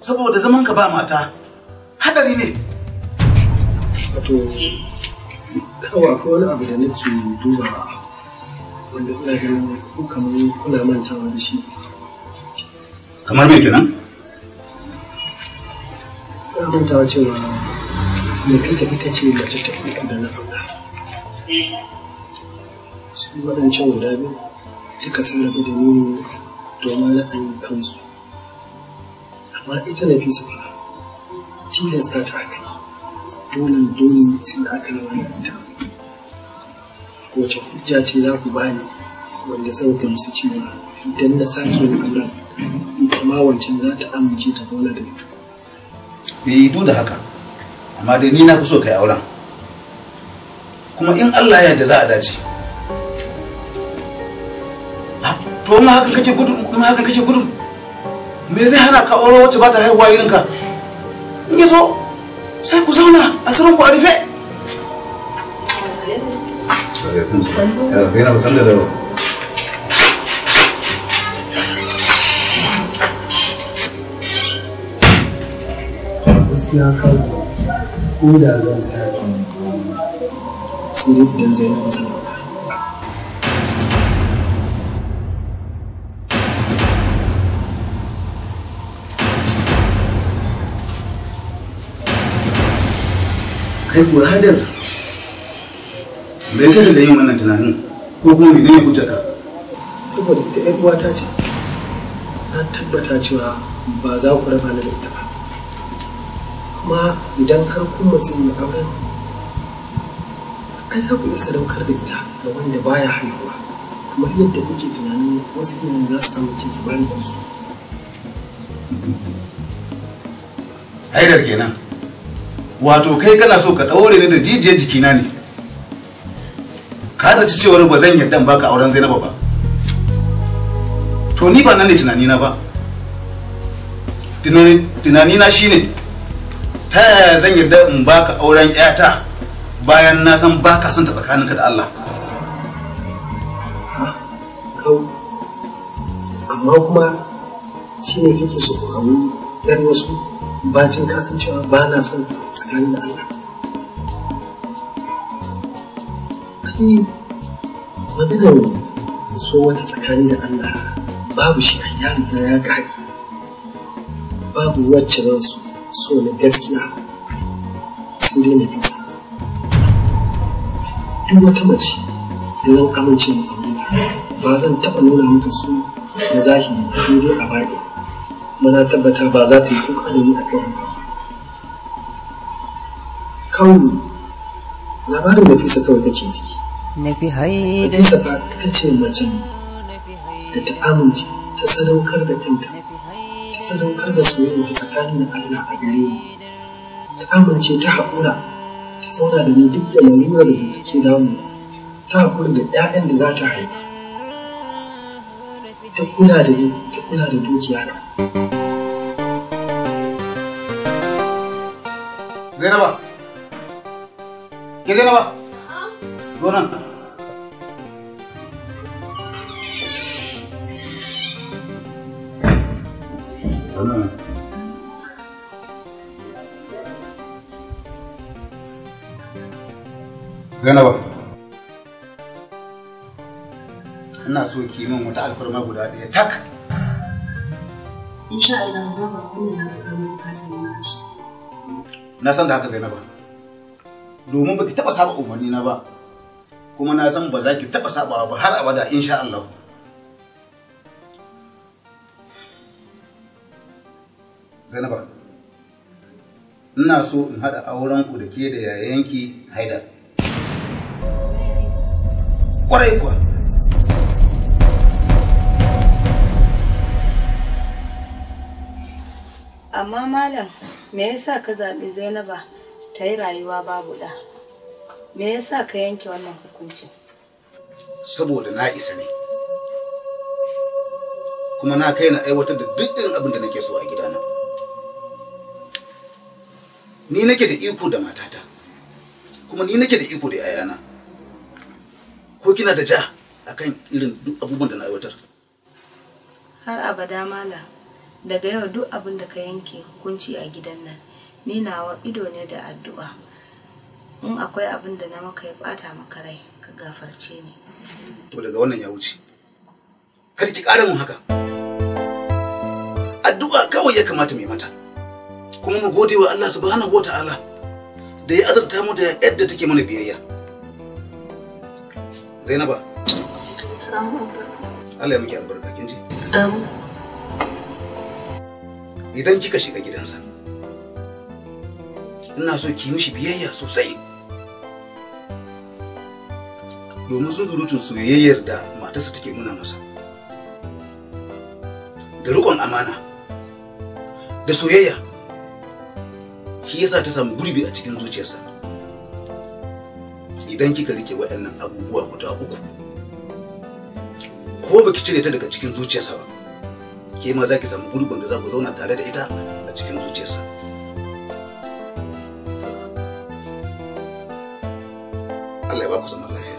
saboda zaman ka ba mata hadari ne wato kawa ko wani abu da nake duba wanda ina ganin ku kamar kuna mantawa da shi kamar me kenan ina mantawa cewa Nafisa ita ce mace ta uku da na aura. Su waɗancan guda biyu duka sun rabu da ni domin ra'ayin kansu. amma ita na fisa fa tilasta ta aka yi dole dole sai da aka rawa da ita wace hujja ce za ku bani wanda sauka musu cewa idan na sake wannan ita ma wancan za ta amince ta zauna da ita bai yi da haka amma dai ni na fi so kai auren kuma in Allah ya yarda za a dace to ma hakan kake gudun ma hakan kake me zai hana ka aure wacce ba ta haihuwa irin ka in yi zo sai ku zauna a sirrin ku a rufe gaskiya ka ko da zan sake sai idan zai kai kuwa hadar bai kai da yin wannan tunanin ko kuma mai gani hujjaka saboda ita yan uwata ce na tabbata cewa ba za ku raba ni da ita ba kuma idan har kun mutum ya auren ai za ku iya sadaukar da ita da wanda baya haihuwa kamar yadda kuke tunanin wasu iyayen za su amince su bani su haidar kenan wato kai kana so ka ɗaure ni da jijiyar jikina ne ka zaci cewar ba zan yarda baka auren zainaba ba to ni ba nan ne tunanina ba tunanina shine ta yaya zan yarda in baka auren yata bayan na san baka son ta tsakaninka da Allah amma kuma ne kake so ka yan wasu bacin kasancewa ba na son tsakanin da Allah kai maganar so wata tsakani da Allah babu shi a ya riga ya kai babu wacce zan so so na gaskiya sun dai na bisa duk wata mace da zan amince da amina ba zan taɓa nuna mata su na zahiri sun dai a baɗi muna tabbata ba za ta yi kuka da ni a kan kawai labarin fisa kawai kake ji nafisa ba ta ce mace da ta amince ta sadaukar da kanta ta sadaukar da soyayya ta tsakanin allah a gare ni ta amince ta haƙura ta zauna da ni duk da lalurar da take damu ta haƙura da 'ya'yan da za ta haifa ta kula da ni ta kula da dukiya na Zainaba Ke gaba? Zo nan. Zainaba. Ina so ki min wata alfarma guda ɗaya tak. Insha Allah ba ba kuma na san da haka Zainaba. domin baki taba saba umarni na ba kuma na san ba za ki taba saba ba har abada insha Allah Zainaba ina so in haɗa auren ku da ke da yayanki Haidar ƙwarai kuwa amma malam me yasa ka zaɓi Zainaba ta yi rayuwa babu ɗa me yasa ka yanke wannan hukuncin saboda na isa ne kuma na kai na aiwatar da duk irin abin da nake so a gidana ni nake da iko da matata kuma ni nake da iko da yayana ko kina da ja akan irin duk abubuwan da na aiwatar har abada mala daga yau duk abin da ka yanke hukunci a gidan nan ni nawa ido ne da addu'a in akwai abin da na maka ya bata maka rai ka gafarce ni to daga wannan ya wuce kar ki ƙara mun haka addu'a kawai ya kamata mai mata kuma mu gode wa Allah subhanahu wataala da ya azurta mu da yadda take mana biyayya Zainaba Allah ya miki albarka kin ji idan kika shiga gidansa ina so ki mishi biyayya sosai domin sun zurutun soyayyar da matarsa take nuna masa da rikon amana da soyayya shi yasa ta samu gurbi a cikin zuciyarsa idan kika rike waɗannan abubuwa guda uku ko baki cire ta daga cikin zuciyarsa ba ke ma za ki samu gurbin da za ku zauna tare da ita a cikin zuciyarsa ばこそまさに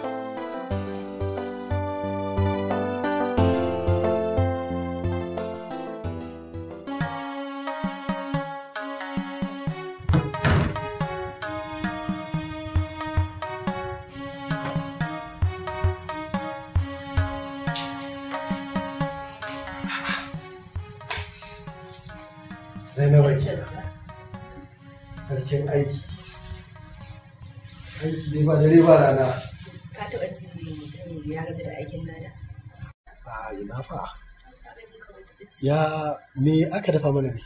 ba rana ka taɓa ji ya gaji da aikin lada a ina fa ya me aka dafa mana ne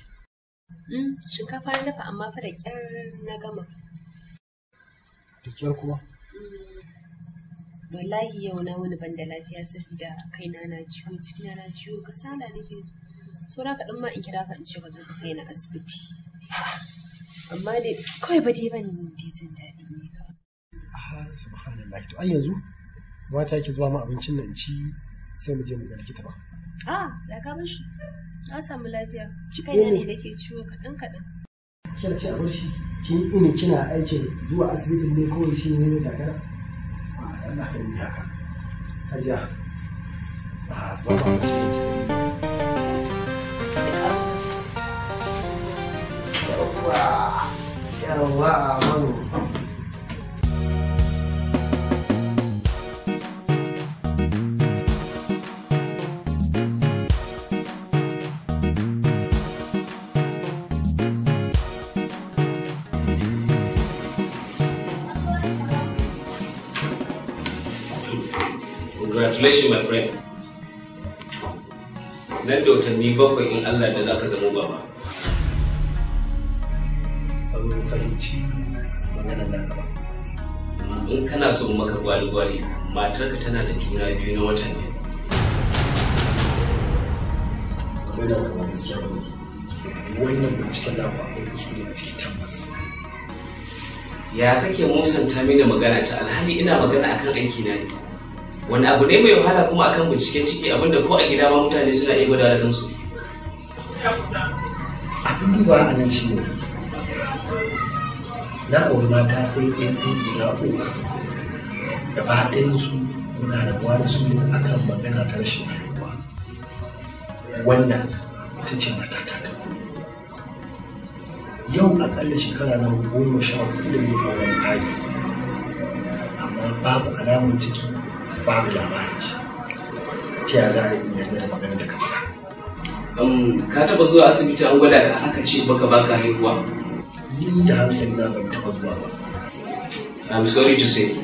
hmm, shinkafa na dafa amma fa da kyar na gama da kyar kuma hmm, wallahi yau na wani ban da lafiya saboda kaina na ciwo cikina na ciwo kasala nake saura kaɗan ma in kira ka in ce ka zo ka kai na asibiti amma dai kawai ba dai ban dai jin daɗi ne subhanallah to ai yanzu mata yake zuwa ma abincin nan ci sai mu je mu ga likita ba a da ka bar shi na samu lafiya kaina ne dake ciwo kaɗan kaɗan kina ci abin shi kin ini kina aikin zuwa asibitin ne kawai shi ne ne dakara a yana kan ni haka hajiya ba zuwa ba Yawa, yawa, manu. Congratulations, my friend. Nan da watanni bakwai in Allah da za ka zama baba. Ban fahimci da nan ba. In kana so maka gwali-gwali, matarka tana da juna biyu na watan ne. Akwai da ba gaskiya ba ne. Wannan binciken da akwai kuskure a cikin tabbas. Ya kake musanta mini magana ta alhali ina magana akan aiki na ne. wani abu ne mai wahala kuma akan binciken ciki abinda ko a gida ma mutane suna iya gwada da kansu abin duba a nan shi ne na auri mata ɗaya ɗaya ɗaya guda uku ba ɗayan su muna rabuwa da su ne akan magana ta rashin haihuwa wannan ita ce mata ta ta yau akalla shekara na goma sha hudu da a wani hali amma babu alamun ciki babu labarin shi ta ya za a yi yarda da magana da ka faɗa. ka taɓa zuwa asibiti an gwada ka aka ce baka baka haihuwa. ni da hankali na ban taɓa zuwa ba. I'm sorry to say.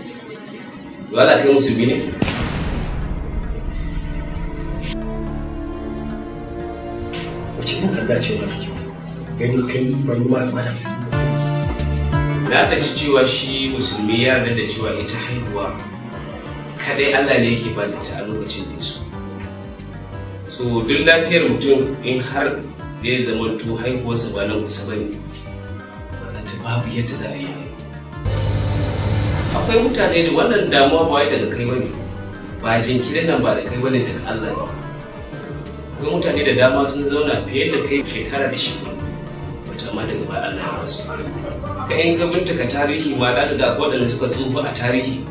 Wala kai musulmi ne? Wace irin tambaya ce wani kake? Gani kai ban yi ma kamata musulmi ba. Na ɗaci cewa shi musulmi ya da cewa ita haihuwa kadai Allah ne yake ballanta a lokacin da su so duk lafiyar mutum in har da ya zama to haihuwarsa ba nan kusa ba ne ta babu yadda za a yi akwai mutane da wannan damuwa ba wai daga kai bane ba kidan nan ba da kai bane daga Allah ba akwai mutane da dama sun zauna fiye da kai shekara da shekaru wata ma daga ba Allah ya wasu ka in ka bincika tarihi ma da ga waɗanda suka tsufa a tarihi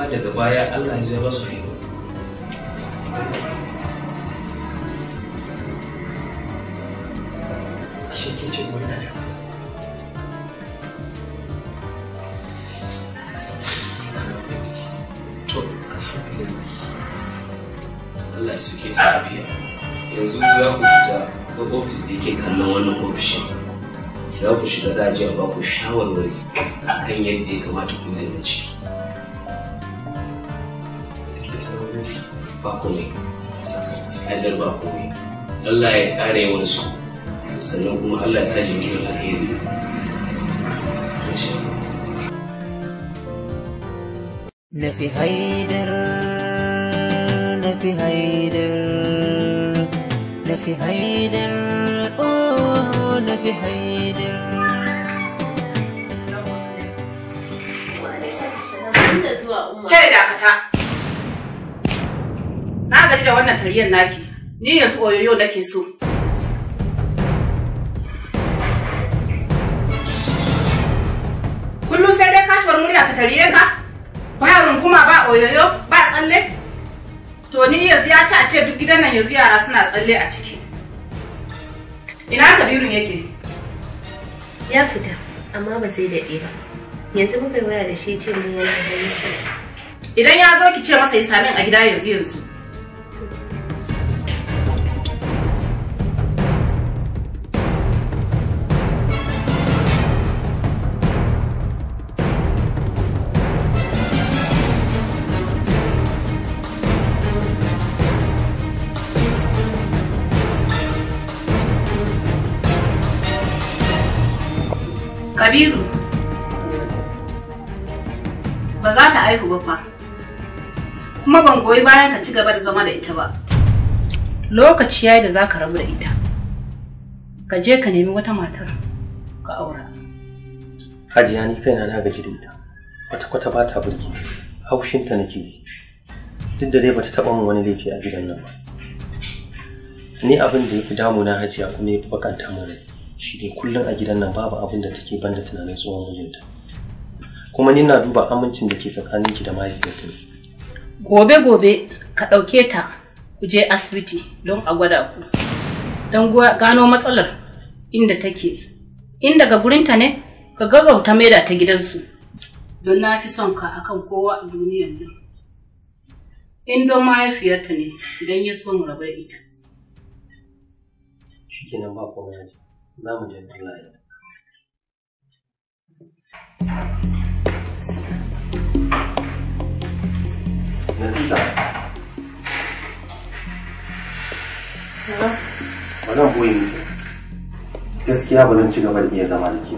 amma daga baya Allah zai ba su yanzu ku fita ofis da yake kallon wannan ofishin za ku shiga daji a baku shawarwari akan yadda ya kamata ku yi da ciki fakulai saka haidar ba komai Allah ya kare yawan su sannan kuma Allah ya sa jinkirin alheri nafi haidar nafi haidar nafi haidar oh nafi haidar Kai da ka gaji da wannan tariyar naki. Ni yanzu oyoyo nake so. Kullum sai dai kacuwar murya ka tariye ka? Ba runguma ba oyoyo ba tsalle? To ni yanzu ya ci a ce duk gidan nan yanzu yara suna tsalle a ciki. Ina Kabirun yake? Ya fita, amma ba zai daɗe ba. Yanzu muka yi waya da shi ce mun wani hanyar. Idan ya zo ki ce masa ya sami a gida yanzu yanzu. kuma ban goyi bayan ka ci gaba da zama da ita ba lokaci yayi da za ka rabu da ita ka je ka nemi wata matar ka aura hajiya ni kaina na gaji da ita kwata-kwata ba ta burge haushinta nake yi duk da dai ta taɓa min wani laifi a gidan nan ba ni abin da ya fi na hajiya kuma ya fi bakanta mana shi ne kullum a gidan nan babu abin da take banda tunanin tsohon wajenta. kuma ni na duba amincin da ke tsakaninki da mahaifiyarta ne gobe-gobe ka ɗauke ta ku je asibiti don a gwada ku don gano matsalar inda take in daga gurinta ne ka gaggauta maida ta gidansu don na fi son ka akan kowa a duniyar nan in don mahaifiyarta ne idan ya so mu rabar ita shikenan ba komai za mu je Allah ya Nafisa. Ba Gaskiya ci gaba da iya zama da ke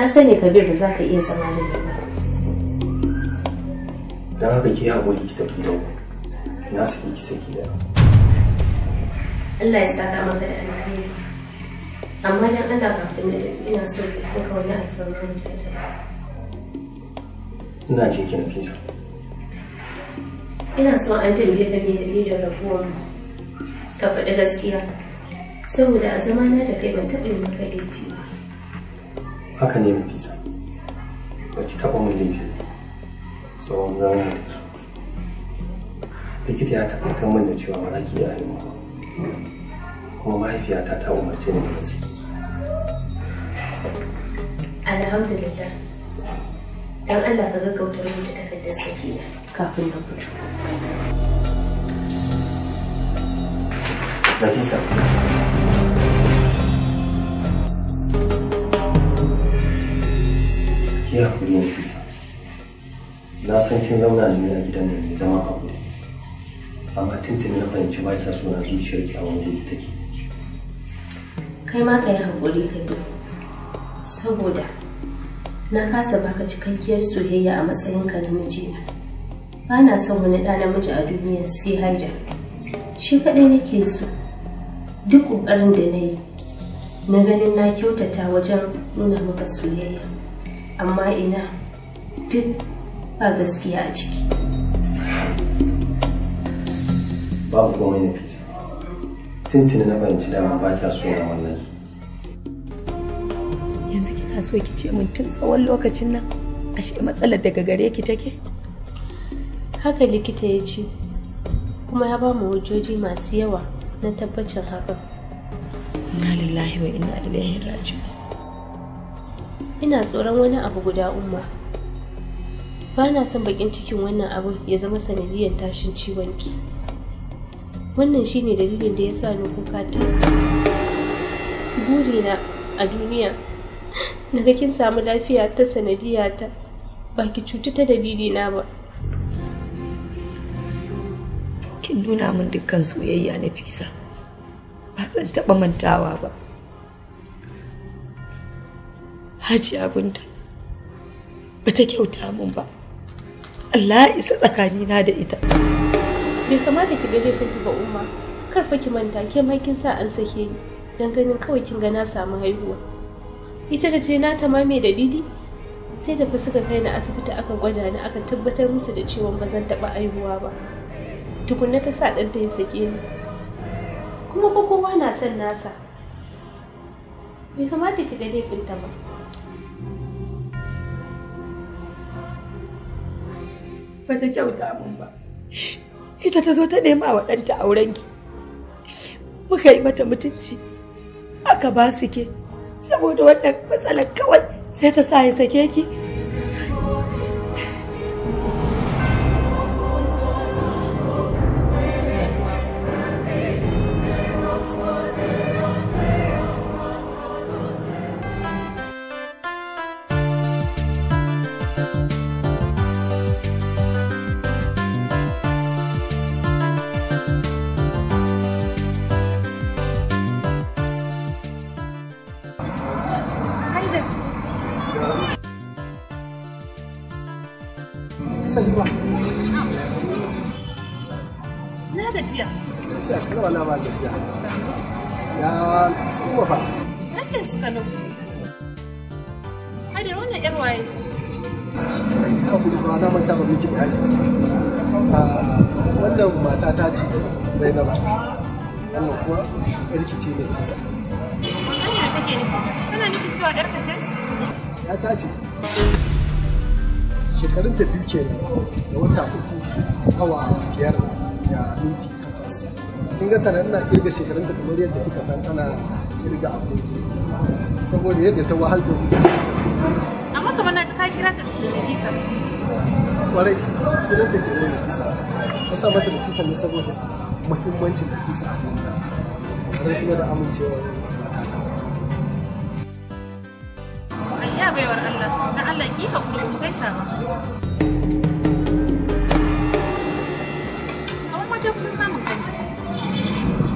Na sani Kabir za ka iya zama da ke Don haka ke ku. Na saki ki saki da. Allah ya saka Amma kafin na tafi ina wani ina jin ki ina so an tambaye ka me dalilin rabuwar ka faɗi gaskiya saboda a zamana da kai ban taɓa yi maka laifi ba haka ne Nafisa ba ki taɓa mun laifi tsawon zama da likita ya tabbatar min da cewa ba za ki iya haihuwa ba kuma mahaifiyata ta umarce ni da gaske alhamdulillah don Allah ka gaggauta rubuta takardar sakina kafin na fito. Nafisa. Ki haƙuri Nafisa. Na san kin zauna ne a gidan nan ne zama haƙuri. Amma tuntuni na fahimci ba kya so na zuciyar ki a wani wuri take. Kai ma ka yi haƙuri ka saboda na kasa baka cikakkiyar soyayya a matsayinka na mijina ba na son wani ɗa namiji a duniya sai haida shi kaɗai nake so duk ƙoƙarin da na yi na ganin na kyautata wajen nuna maka soyayya amma ina duk ba gaskiya a ciki babu komai na fita tuntuni na fahimci dama ba ta so na kina so ki ce min tun tsawon lokacin nan ashe matsalar daga gare ki take haka likita ya ce kuma ya ba mu hujjoji masu yawa na tabbacin hakan inna lillahi wa inna ilaihi raji'un ina tsoron wani abu guda umma ba na son bakin cikin wannan abun ya zama sanadiyar tashin ciwon ki wannan shine dalilin da ya sa ni kuka ta burina a duniya daga kin samu lafiya ta sanadiyata ba ki cuti ta dalilina ba kin nuna min dukkan soyayya na fisa ba zan taɓa mantawa ba haji abunta ba ta kyauta min ba Allah isa tsakanina da ita bai kamata ki ga laifinki ba umma kar fa ki manta ke mai kin sa an sake ni dan ganin kawai kin ga na samu haihuwa ita da ce na ta ma mai didi sai da fa suka kai na asibiti aka gwada ni aka tabbatar musu da cewa ba zan taɓa aihuwa ba tukunna ta sa ɗanta ya sake ni kuma ko kowa na son nasa bai kamata ki ga laifinta ba ba ta kyauta mun ba ita ta zo ta nema wa ɗanta aurenki muka yi mata mutunci aka ba su ke saboda wannan matsalar kawai sai ta sa ya sake ki kirga shekarun ta kamar yadda kika san ana kirga a aboki saboda yadda ta wahal da wuce amma kamar na ta kira ta da kisa kwarai sunan ta kenan da kisa ka sa mata da kisa ne saboda muhimmancin da kisa a duniya kwarai kuma da amincewa matata ayya baiwar Allah na Allah ki hakuri kai ba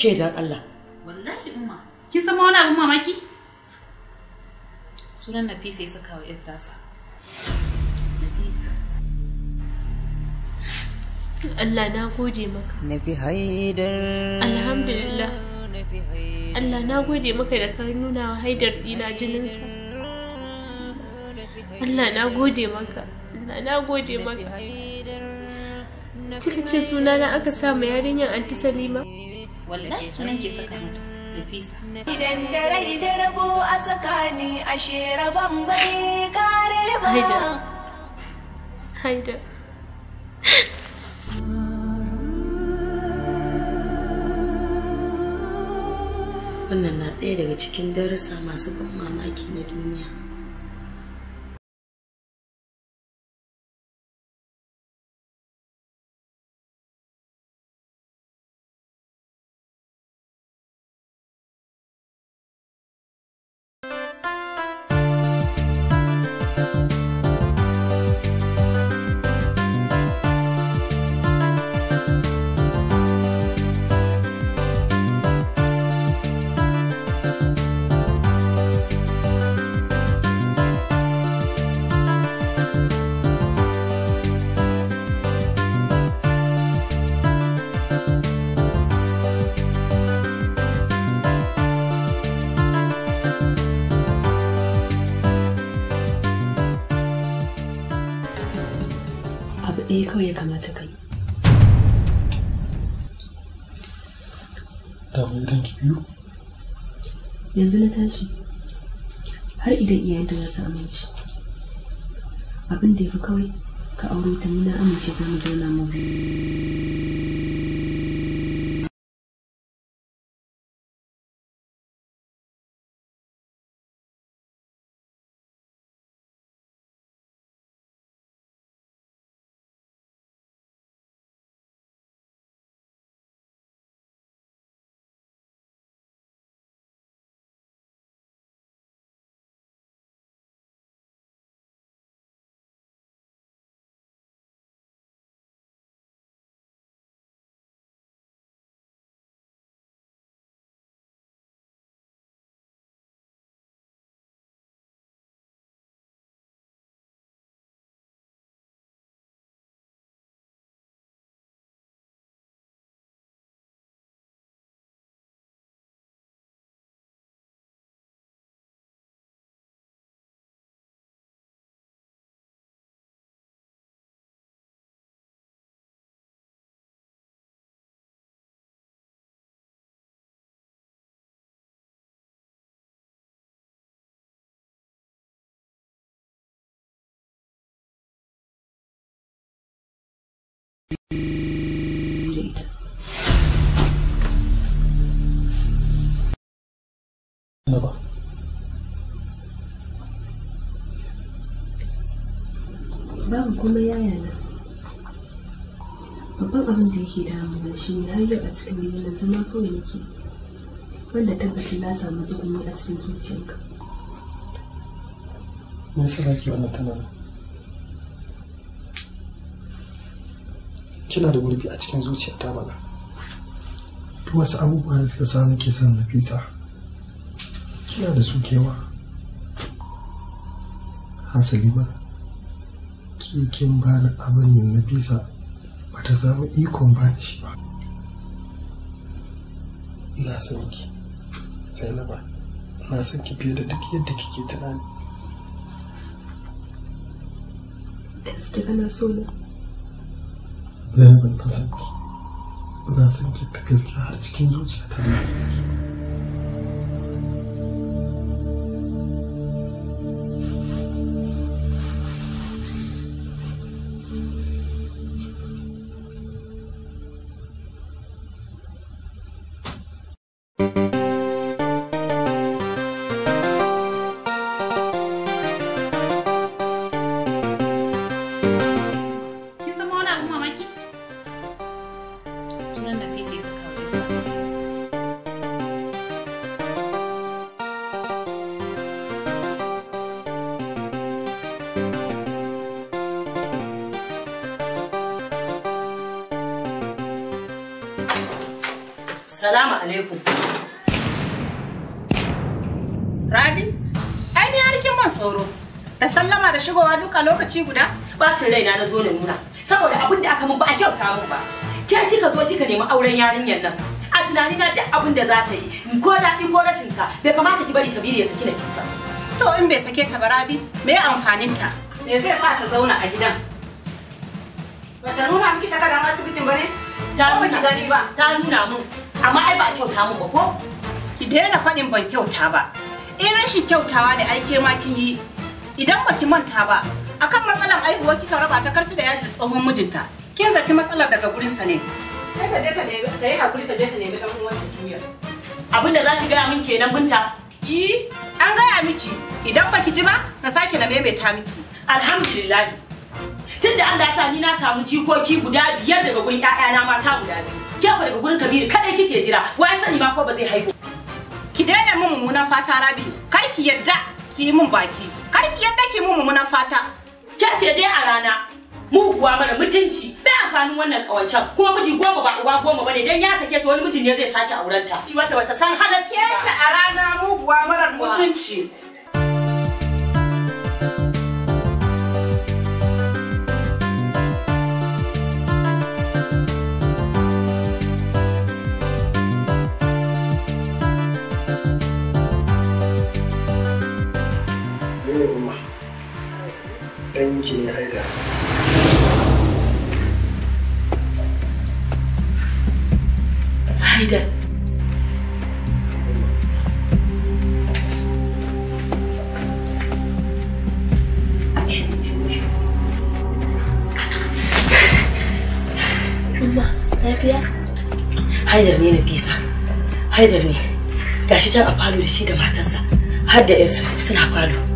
ke dan Allah wallahi umma kin san wani abin mamaki sunan Nafisa ya saka wa yar tasa Nafisa Allah na gode maka fi Haidar Alhamdulillah Allah na gode maka da ka nuna wa Haidar dina jininsa Allah na gode maka Allah na gode maka Kika ce sunana aka sa ma yarinyar Anti Salima? wallahi sunan ke saka mata Nafisa. Idan dare da rabu a tsakani a shera ban bai kare ba. Haida. Haida. Wannan na ɗaya daga cikin darussa masu ban mamaki na duniya. yanzu na tashi har idan iyayenta za su amince abin da ya fi kawai ka aure ta muna amince za mu zauna mu babu kuma yaya na babban abin da yake damuna shi ne har yau a cikin gidan zama kawai yake wanda tabbacin na samu tsuguni a cikin zuciyarka me yasa baki wannan tunanin kina da gurbi a cikin zuciya ta mana duk wasu abubuwa da suka sa nake son na fisa kina da su kewa hasali ba kikin ba na abin yin na fisa ba ta samu ikon ba shi ba ina son ki zainaba ina son ki fiye da duk yadda kike tunani da su kana so zainab kasance ina son ke ta gaskiya har cikin zuciya ta na za ta yi ko daɗi ko rashin sa bai kamata ki bari kabiru ya saki na kisa to in bai sake ta ba rabi ya amfanin ta me zai sa ta zauna a gidan ta nuna miki takardar asibitin ba ne ta nuna gani ba ta nuna mun amma ai ba a kyauta mun ba ko ki daina faɗin ban kyauta ba in rashin kyautawa ai aike ma kin yi idan ba ki manta ba akan matsalar aihuwa kika raba ta karfi da yaji tsohon mijinta kin zaci matsalar daga gurin sa ne sai ta je ta nemi ta yi hakuri ta je ta nemi abin da zaki ki gaya min kenan binta yi eh, an gaya miki idan baki ji ba na sake na maimaita miki alhamdulillah tun da Allah sa ni na samu jikoki guda biyar daga gurin ƴaƴana mata guda biyu ke daga gurin Kabiru kada kike jira wai sani ma ko ba zai haihu ki daina min mummunan fata Rabi kar ki yadda ki yi min baki kar ki yadda ki muna fata ke ce dai a rana muguwa mara mutunci bai amfanin wannan kawancan kuma miji goma ba uwa goma bane dan ya sake ta wani mijin ne zai sake aurenta ci wata wata san halacci ce a rana muguwa mara mutunci ɗanki ne haidar Haidar. Lafiya? Haidar ne na fisa. Haidar ne. Gashi can a falo da shi da matarsa. Har da 'yansu suna falo.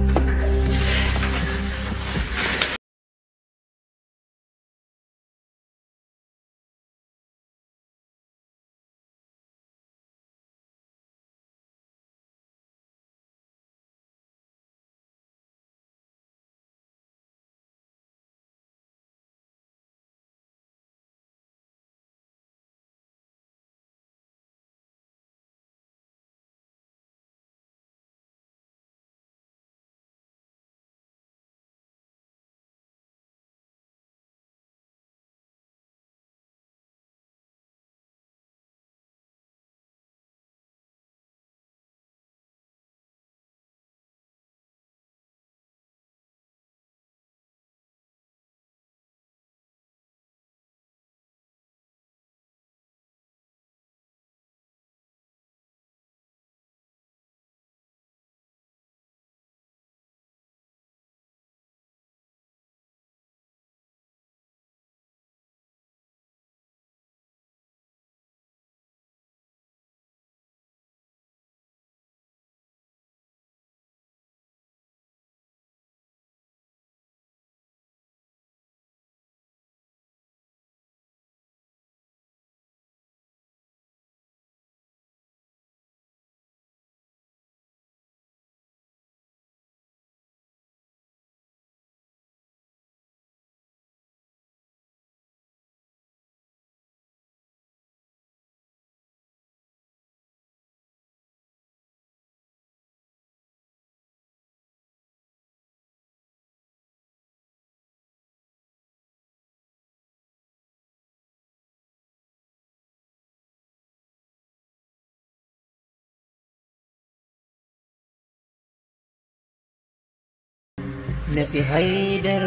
نفي هيدر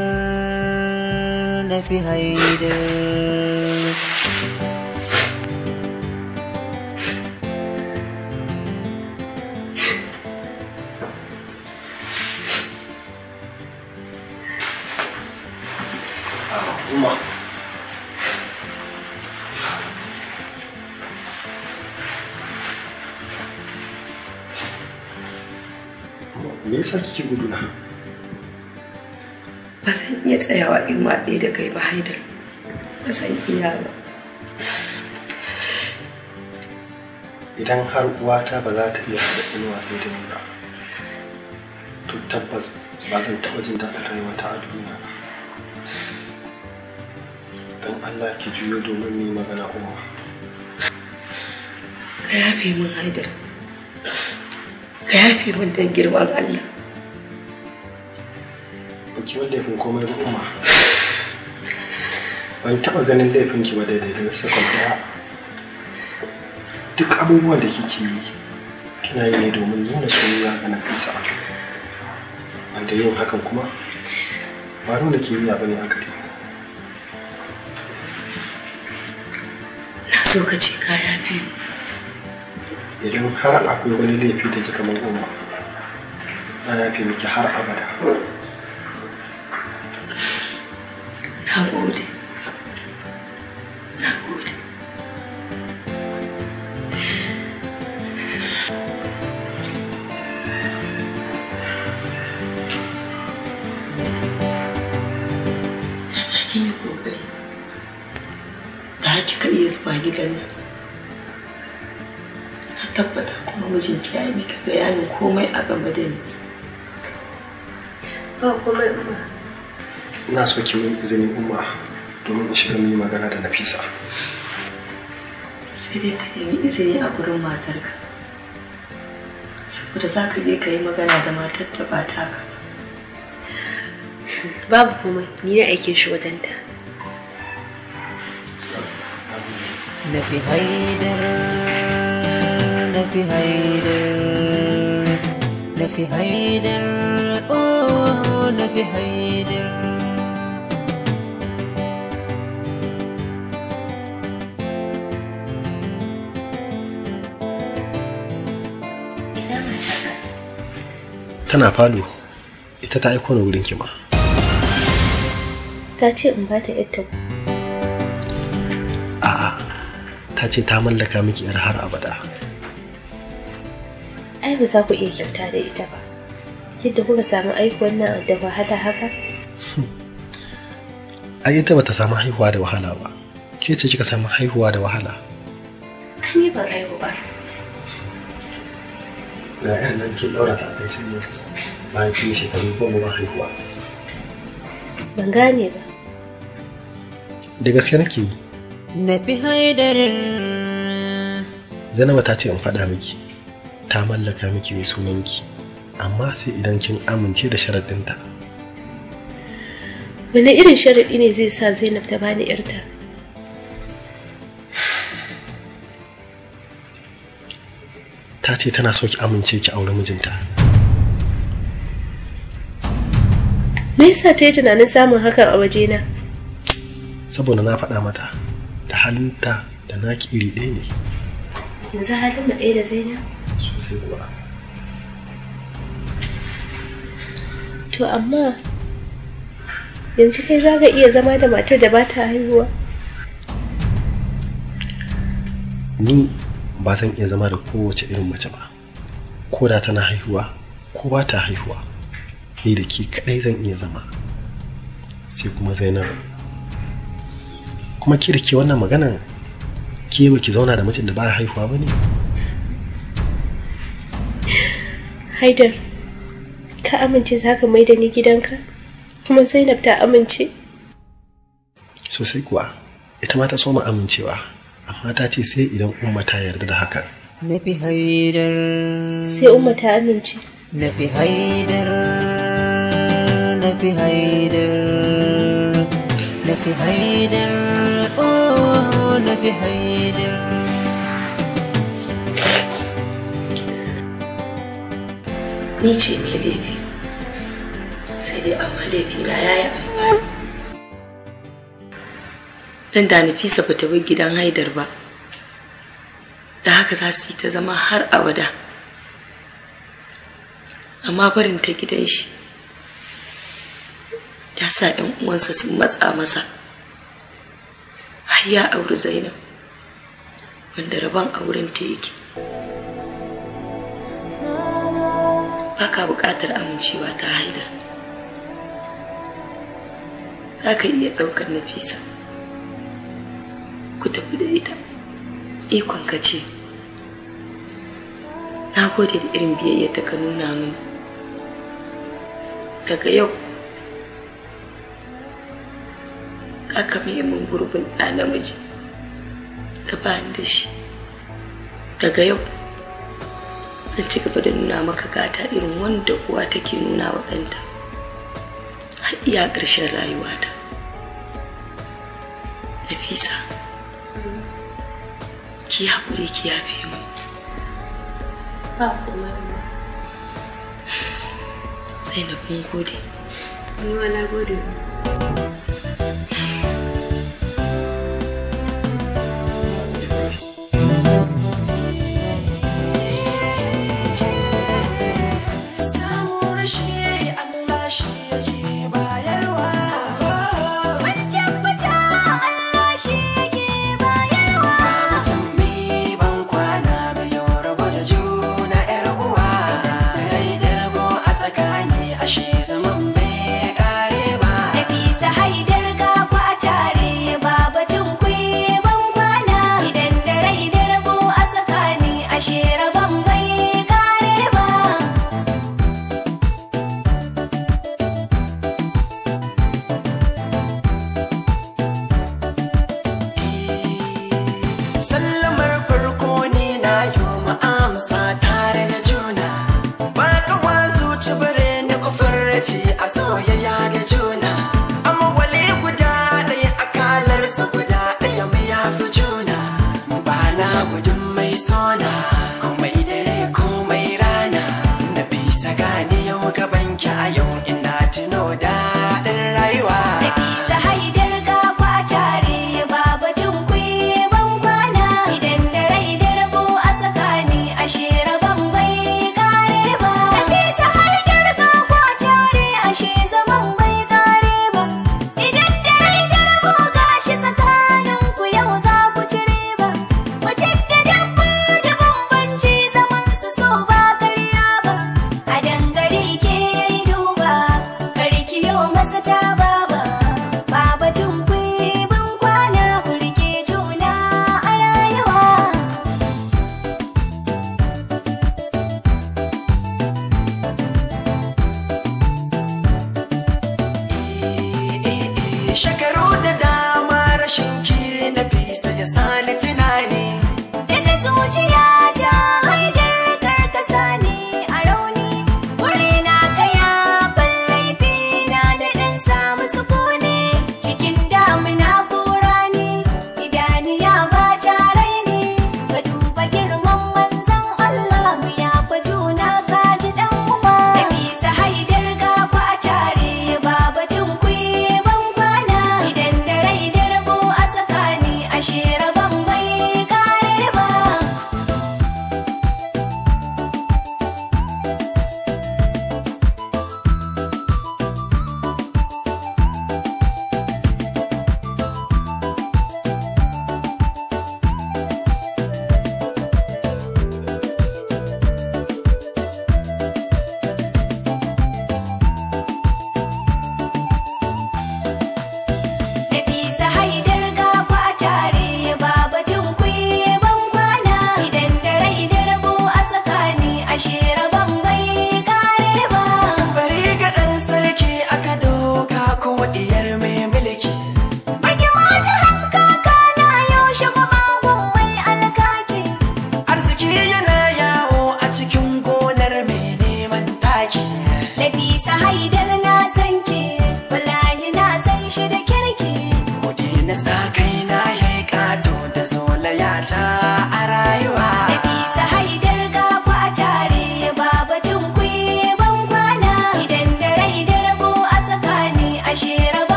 نفي هيدر وما me yasa kike guduna ba zan iya tsayawa in waɗe da kai ba haidar ba zan iya ba idan har uwata ba za ta iya haɗa inuwa ɗaya da ni ba to tabbas ba zan taɓa jin daɗin rayuwata a duniya don allah ki juyo domin ni magana kuma ka yafe min haidar ka yafe min don girman allah ba ki wanda laifin komai ba kuma ban taɓa ganin laifin ki ba daidai daga sakon daya duk abubuwan da kike yi kina yi ne domin nuna soyayya ga nafisa wanda yin hakan kuma ba nuna yi ba ne a gare na so ka ce kaya biyu idan har akwai wani laifi da kika mun goma, na yafi miki har abada na gode na gode kin yi kokari ba kika iya zuwa gidan nan tabbata kuma miji ya yi bayanin komai a game da ni. ina so ki min izinin umma domin in shiga mai magana da nafisa sai dai ta nemi izini a gurin matarka saboda za ka je ka yi magana da matar da ba ta ka babu komai ni na aike shi wajenta. Na nafi haidar nafi haidar nafi haidar oh nafi haidar tana falo ita ta aiko na wurin ki ma ta ce in ba ta yadda a'a ta ce ta mallaka miki yar har abada ai ba za ku iya kyauta da ita ba yadda kuka samu aikuwan nan da wahala haka [LAUGHS] ai ita bata samu haihuwa da wahala ba ke ce kika samu haihuwa da wahala ai ban haihu ba na yan nan ke ɗaura ta a kai sannan bayan fiye shekaru goma ba haihuwa. Ban gane ba. Da gaske Na fi haidarin. Zanaba ta ce in faɗa miki, ta mallaka miki mai sunanki, amma sai idan kin amince da sharaɗinta. Wani irin sharaɗi ne zai sa Zainab ta bani 'yarta? ta ce tana so ki amince ki aure mijinta me yasa ta yi tunanin samun hakan a wajena saboda na faɗa mata da halinta da na ki iri ɗaya ne yanzu halin mu ɗaya da zainab sosai kuwa to amma yanzu kai za ka iya zama da matar da ba ta haihuwa ni ba zan iya zama da kowace irin mace ba ko da tana haihuwa ko ba ta haihuwa ni da ke kadai zan iya zama sai kuma zainab. kuma ke da ke wannan maganan ke ba ki zauna da mijin da ba haihuwa ba ne haidar ka amince za ka mai da ni gidanka kuma zainab ta amince sosai kuwa ita ma ta soma amincewa amma ta ce sai idan umma ta yarda da hakan na fi haidar sai umma ta amince na fi haidar na fi haidar na fi haidar oh na fi haidar ni ce mai laifi sai dai amma laifi na yaya. don da nafisa ba ta bar gidan haidar ba da haka za su yi ta zama har abada amma barin ta gidan shi ya sa 'yan uwansa sun matsa masa har ya auri zainab wanda rabon auren ta yake baka buƙatar amincewa ta haidar za ka iya ɗaukar nafisa ku tafi da ita ikon ka ce na gode da irin biyayyar da ka nuna mini daga yau aka mai mun gurbin da namiji da ba da shi daga yau zan ci gaba da nuna maka gata irin wanda uwa take nuna wa ɗanta har iya ƙarshen rayuwata nafisa ki haƙuri ki yafe mu ba kuma zainab mun gode ni ma na gode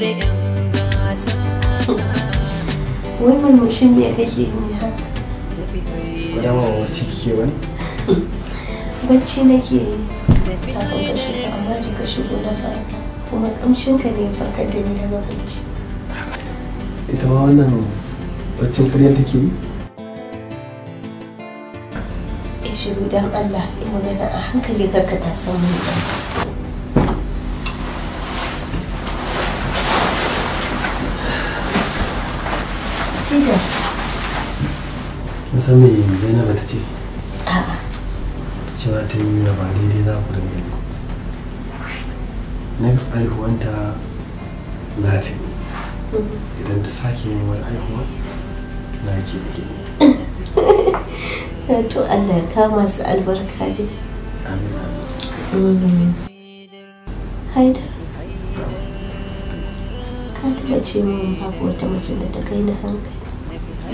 [LAUGHS] wai murmushin me kake yi haka gudan wawa ciki ke wani bacci nake yi kafin ka shigo amma da ka shigo na farka kuma kamshinka ne ya farkar da ni daga bacci ita ma wannan baccin ƙarya take yi ki shiru don allah in magana a hankali kakka ta san mun kin san me zainaba ta ce a'a cewa ta yi raba daidai za ku dinga yi na haihuwanta na ta ne idan ta sake yin wani haihuwa na ke gini [LAUGHS] to Allah ya kama su albarka dai amin amin haidar ka taɓa ce min babu wata mace da ta kai na hankali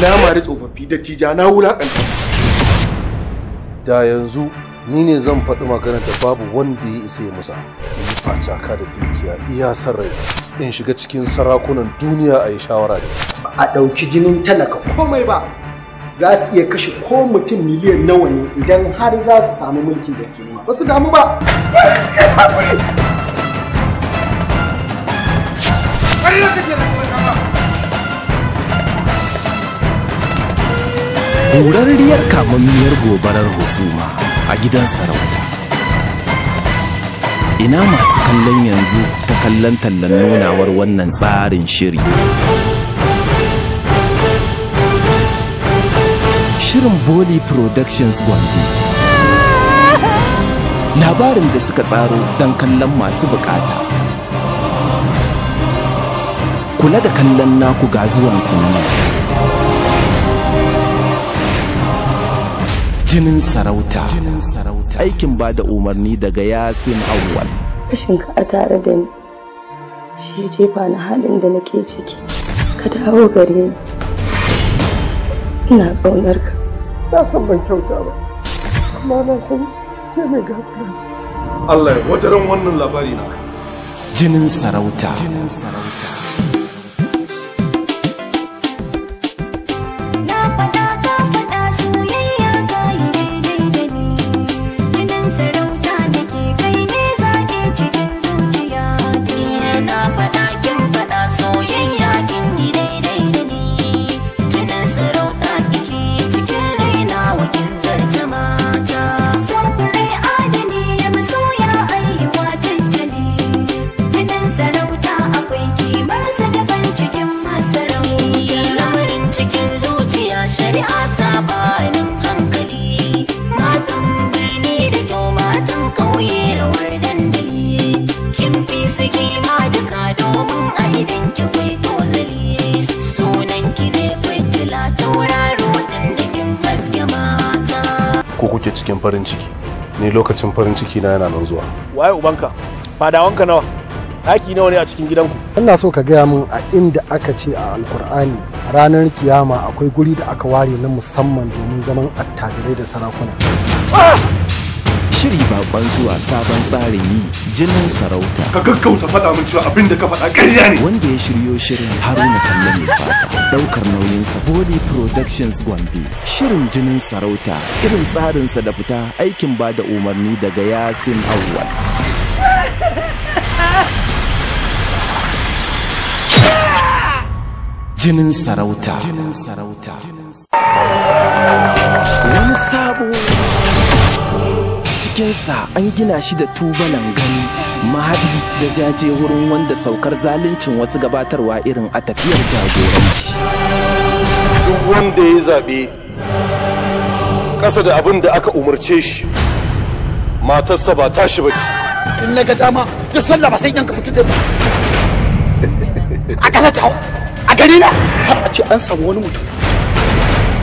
na mari tsofaffi dattija na wulaƙanta da yanzu ni ne zan faɗi maganar da babu wanda ya isa ya musa yi ka da dukiya iya san rai in shiga cikin sarakunan duniya a yi shawara da a ɗauki jinin talaka komai ba za su iya kashe ko mutum miliyan nawa ne idan har za su samu mulkin da suke nema ba su damu ba Wani horarriyar kamammiyar gobarar husuma a gidan sarauta ina masu kallon yanzu ta kallon tallan nunawar wannan tsarin shiri shirin boli productions gwandu labarin da suka tsaro don kallon masu bukata kula da kallon naku ga zuwan sinima jinin sarauta aikin ba da umarni daga yasin awwal rashinka a tare da ni shi ya jefa na halin da nake ciki ka dawo gare ni ina kaunar ka na san ban kyauta ba amma na san ke mai gafiranci Allah ya wata wannan labari na jinin sarauta jinin sarauta farin ciki ni lokacin farin ciki na yana nan zuwa waye ubanka fadawanka nawa daki nawa ne a cikin gidanku ina so ka gaya min a inda aka ce a alkur'ani ranar kiyama akwai guri da aka ware na musamman domin zaman attajirai da sarakuna ah! shiri bakon zuwa sabon tsarin yi jinin sarauta ka gaggauta faɗa min cewa abin da ka faɗa ƙarya ne wanda ya shiryo shirin haruna kallo mai fata ɗaukar sa holy productions gombe shirin jinin sarauta irin tsarinsa da fita aikin ba da umarni daga yasin awwal jinin sarauta jinin sarauta wani sabo cikinsa an gina shi da tubalan gani mahaɗi da jaje wurin wanda saukar zaluncin wasu gabatarwa irin a tafiyar jagoranci duk wanda ya zaɓe ƙasa da abin da aka umarce shi matarsa ba tashi ba ce in na ga dama duk sallah ba sai yanka mutum ɗaya a ƙasa ta a gari na har a ce an samu wani mutum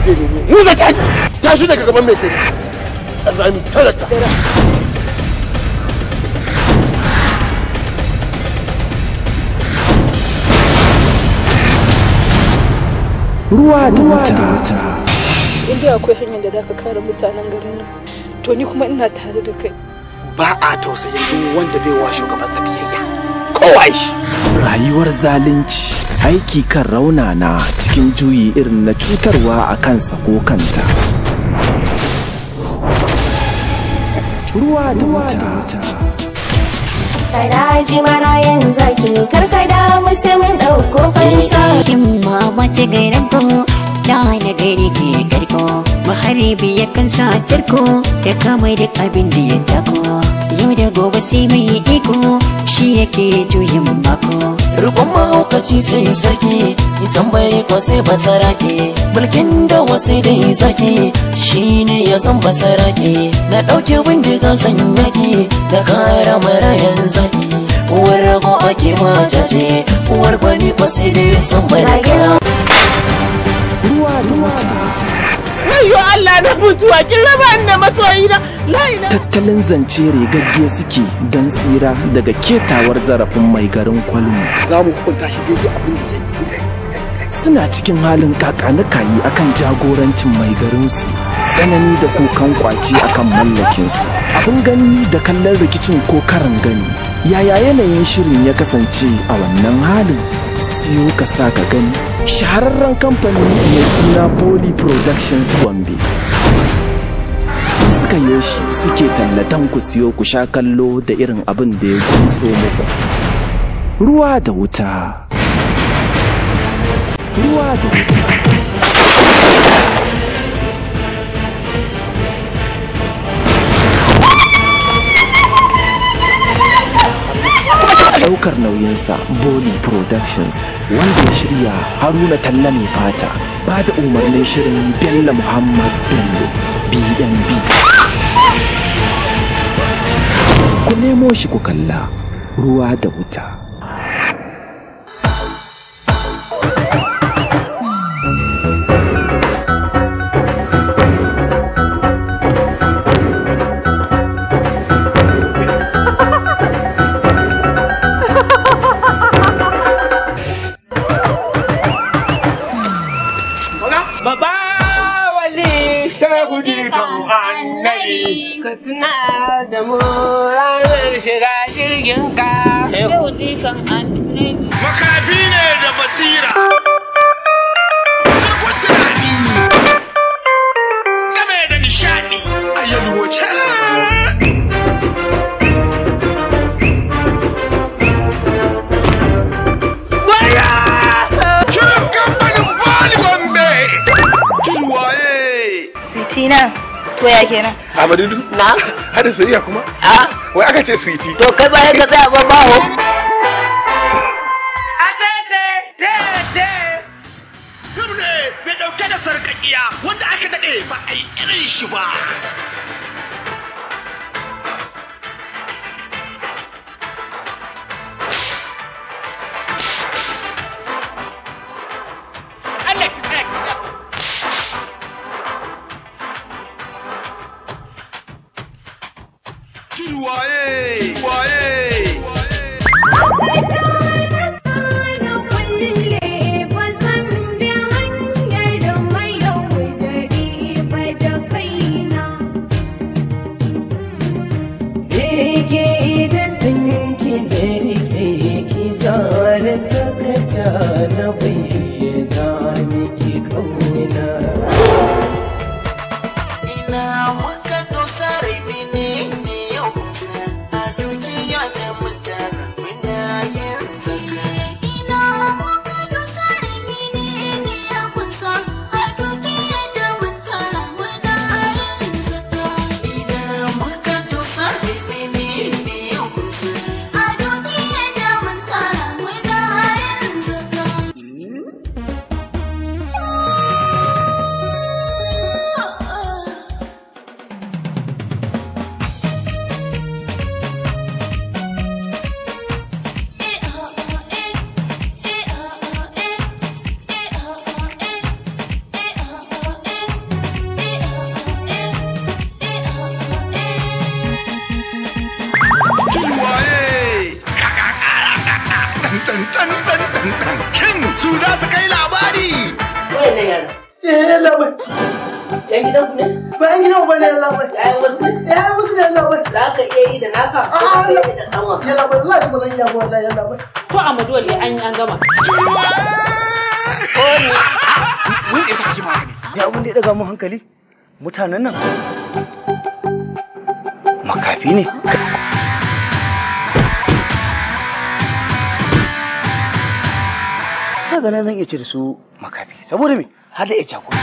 zai nemi mu zata tashi daga gaban mai kai. ƙazami talaka ruwa da wata. inda akwai hanyar da zaka kare mutanen garin nan to ni kuma ina tare da kai ba a tausayin duk wanda bai wa shugaban sa biyayya kowa shi rayuwar zalunci aiki kan raunana cikin juyi irin na cutarwa a kansa ko kanta ruwa da wuta Kada ji marayan zaki karkada musu mun ɗauko fansa Himma mace gairan ko da na gari ke garko maharibi ya kan sa tarko ya kama duk abin da ya tako yau da gobe sai mai iko shi yake juyin mako rukun mahaukaci sai sarki tambaye ko sai basara ke mulkin da wasai da yi zaki shi ne ya zan basara ke na dauke bindiga zan yaki da kara marayan zaki uwar rago ake majaje uwar gwani ko sai dai san baraka ruwa da wata ayyo Allah na mutuwa kin raba da masoyina laina tattalin zance rigagge suke dan tsira daga ketawar zarafin mai garin kwalmu zamu hukunta shi abin da yake suna cikin halin kakanikayi akan jagorancin mai garinsu tsanani da kokan kwaci akan mallakinsu abin gani da kallon rikicin ko karan gani yaya yanayin shirin ya kasance a wannan halin siyo ka sa ka gani shahararren kamfanin mai suna poly productions gombe su suka yi shi suke tallatan ku siyo ku sha kallo da irin abin da ya kunso muku ruwa da wuta ruwa da wuta ɗaukar nauyinsa Boni Productions wanda ya shirya haruna talla mai fata ba da umarnin shirin bello muhammad bello bnb ku nemo shi ku kalla ruwa da wuta Fadudu? Na? Hada soyayya kuma? A? Wai aka ce sweetie. To kai bayan ka tsaya ban bawo. Gabne mai ɗauke da sarkakiya wanda aka daɗe ba a yi irin shi ba. gudu za su kai labari. Wayan nan yara. Eh yalla bai. Yan gidan ku ne? Ba yan gidan ba ne yalla bai. Yayan wasu ne? Yayan wasu ne yalla bai. Za ka iya yi da naka? Ah, da Ah yalla bai. Yalla bai wallahi ba zan iya ba wallahi yalla bai. To a maduwar ne an yi an gama. ne? Mun isa kake magani. Ya abin da ya daga mu hankali mutanen nan makafi ne. kaga nan zan iya ce da su makafi saboda me har da iya jagora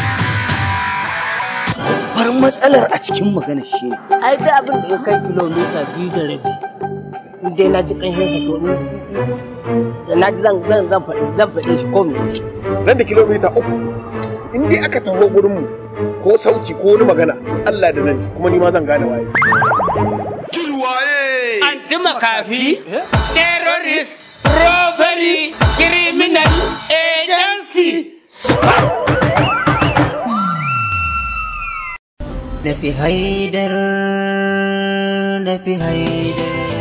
babbar matsalar a cikin magana shi ne ai da abin da ya kai kilomita biyu da rabi inda dai na ji ƙanshin sa to da na ji zan zan zan faɗi zan faɗi shi ko me nan da kilomita uku in dai aka taho gurin mu ko sauti ko wani magana Allah da nan kuma ni ma zan gane waye Tulwaye! Anti makafi? Eh? Terrorist! Robbery Criminal Agency. Nafi Haider, Nafi Haider.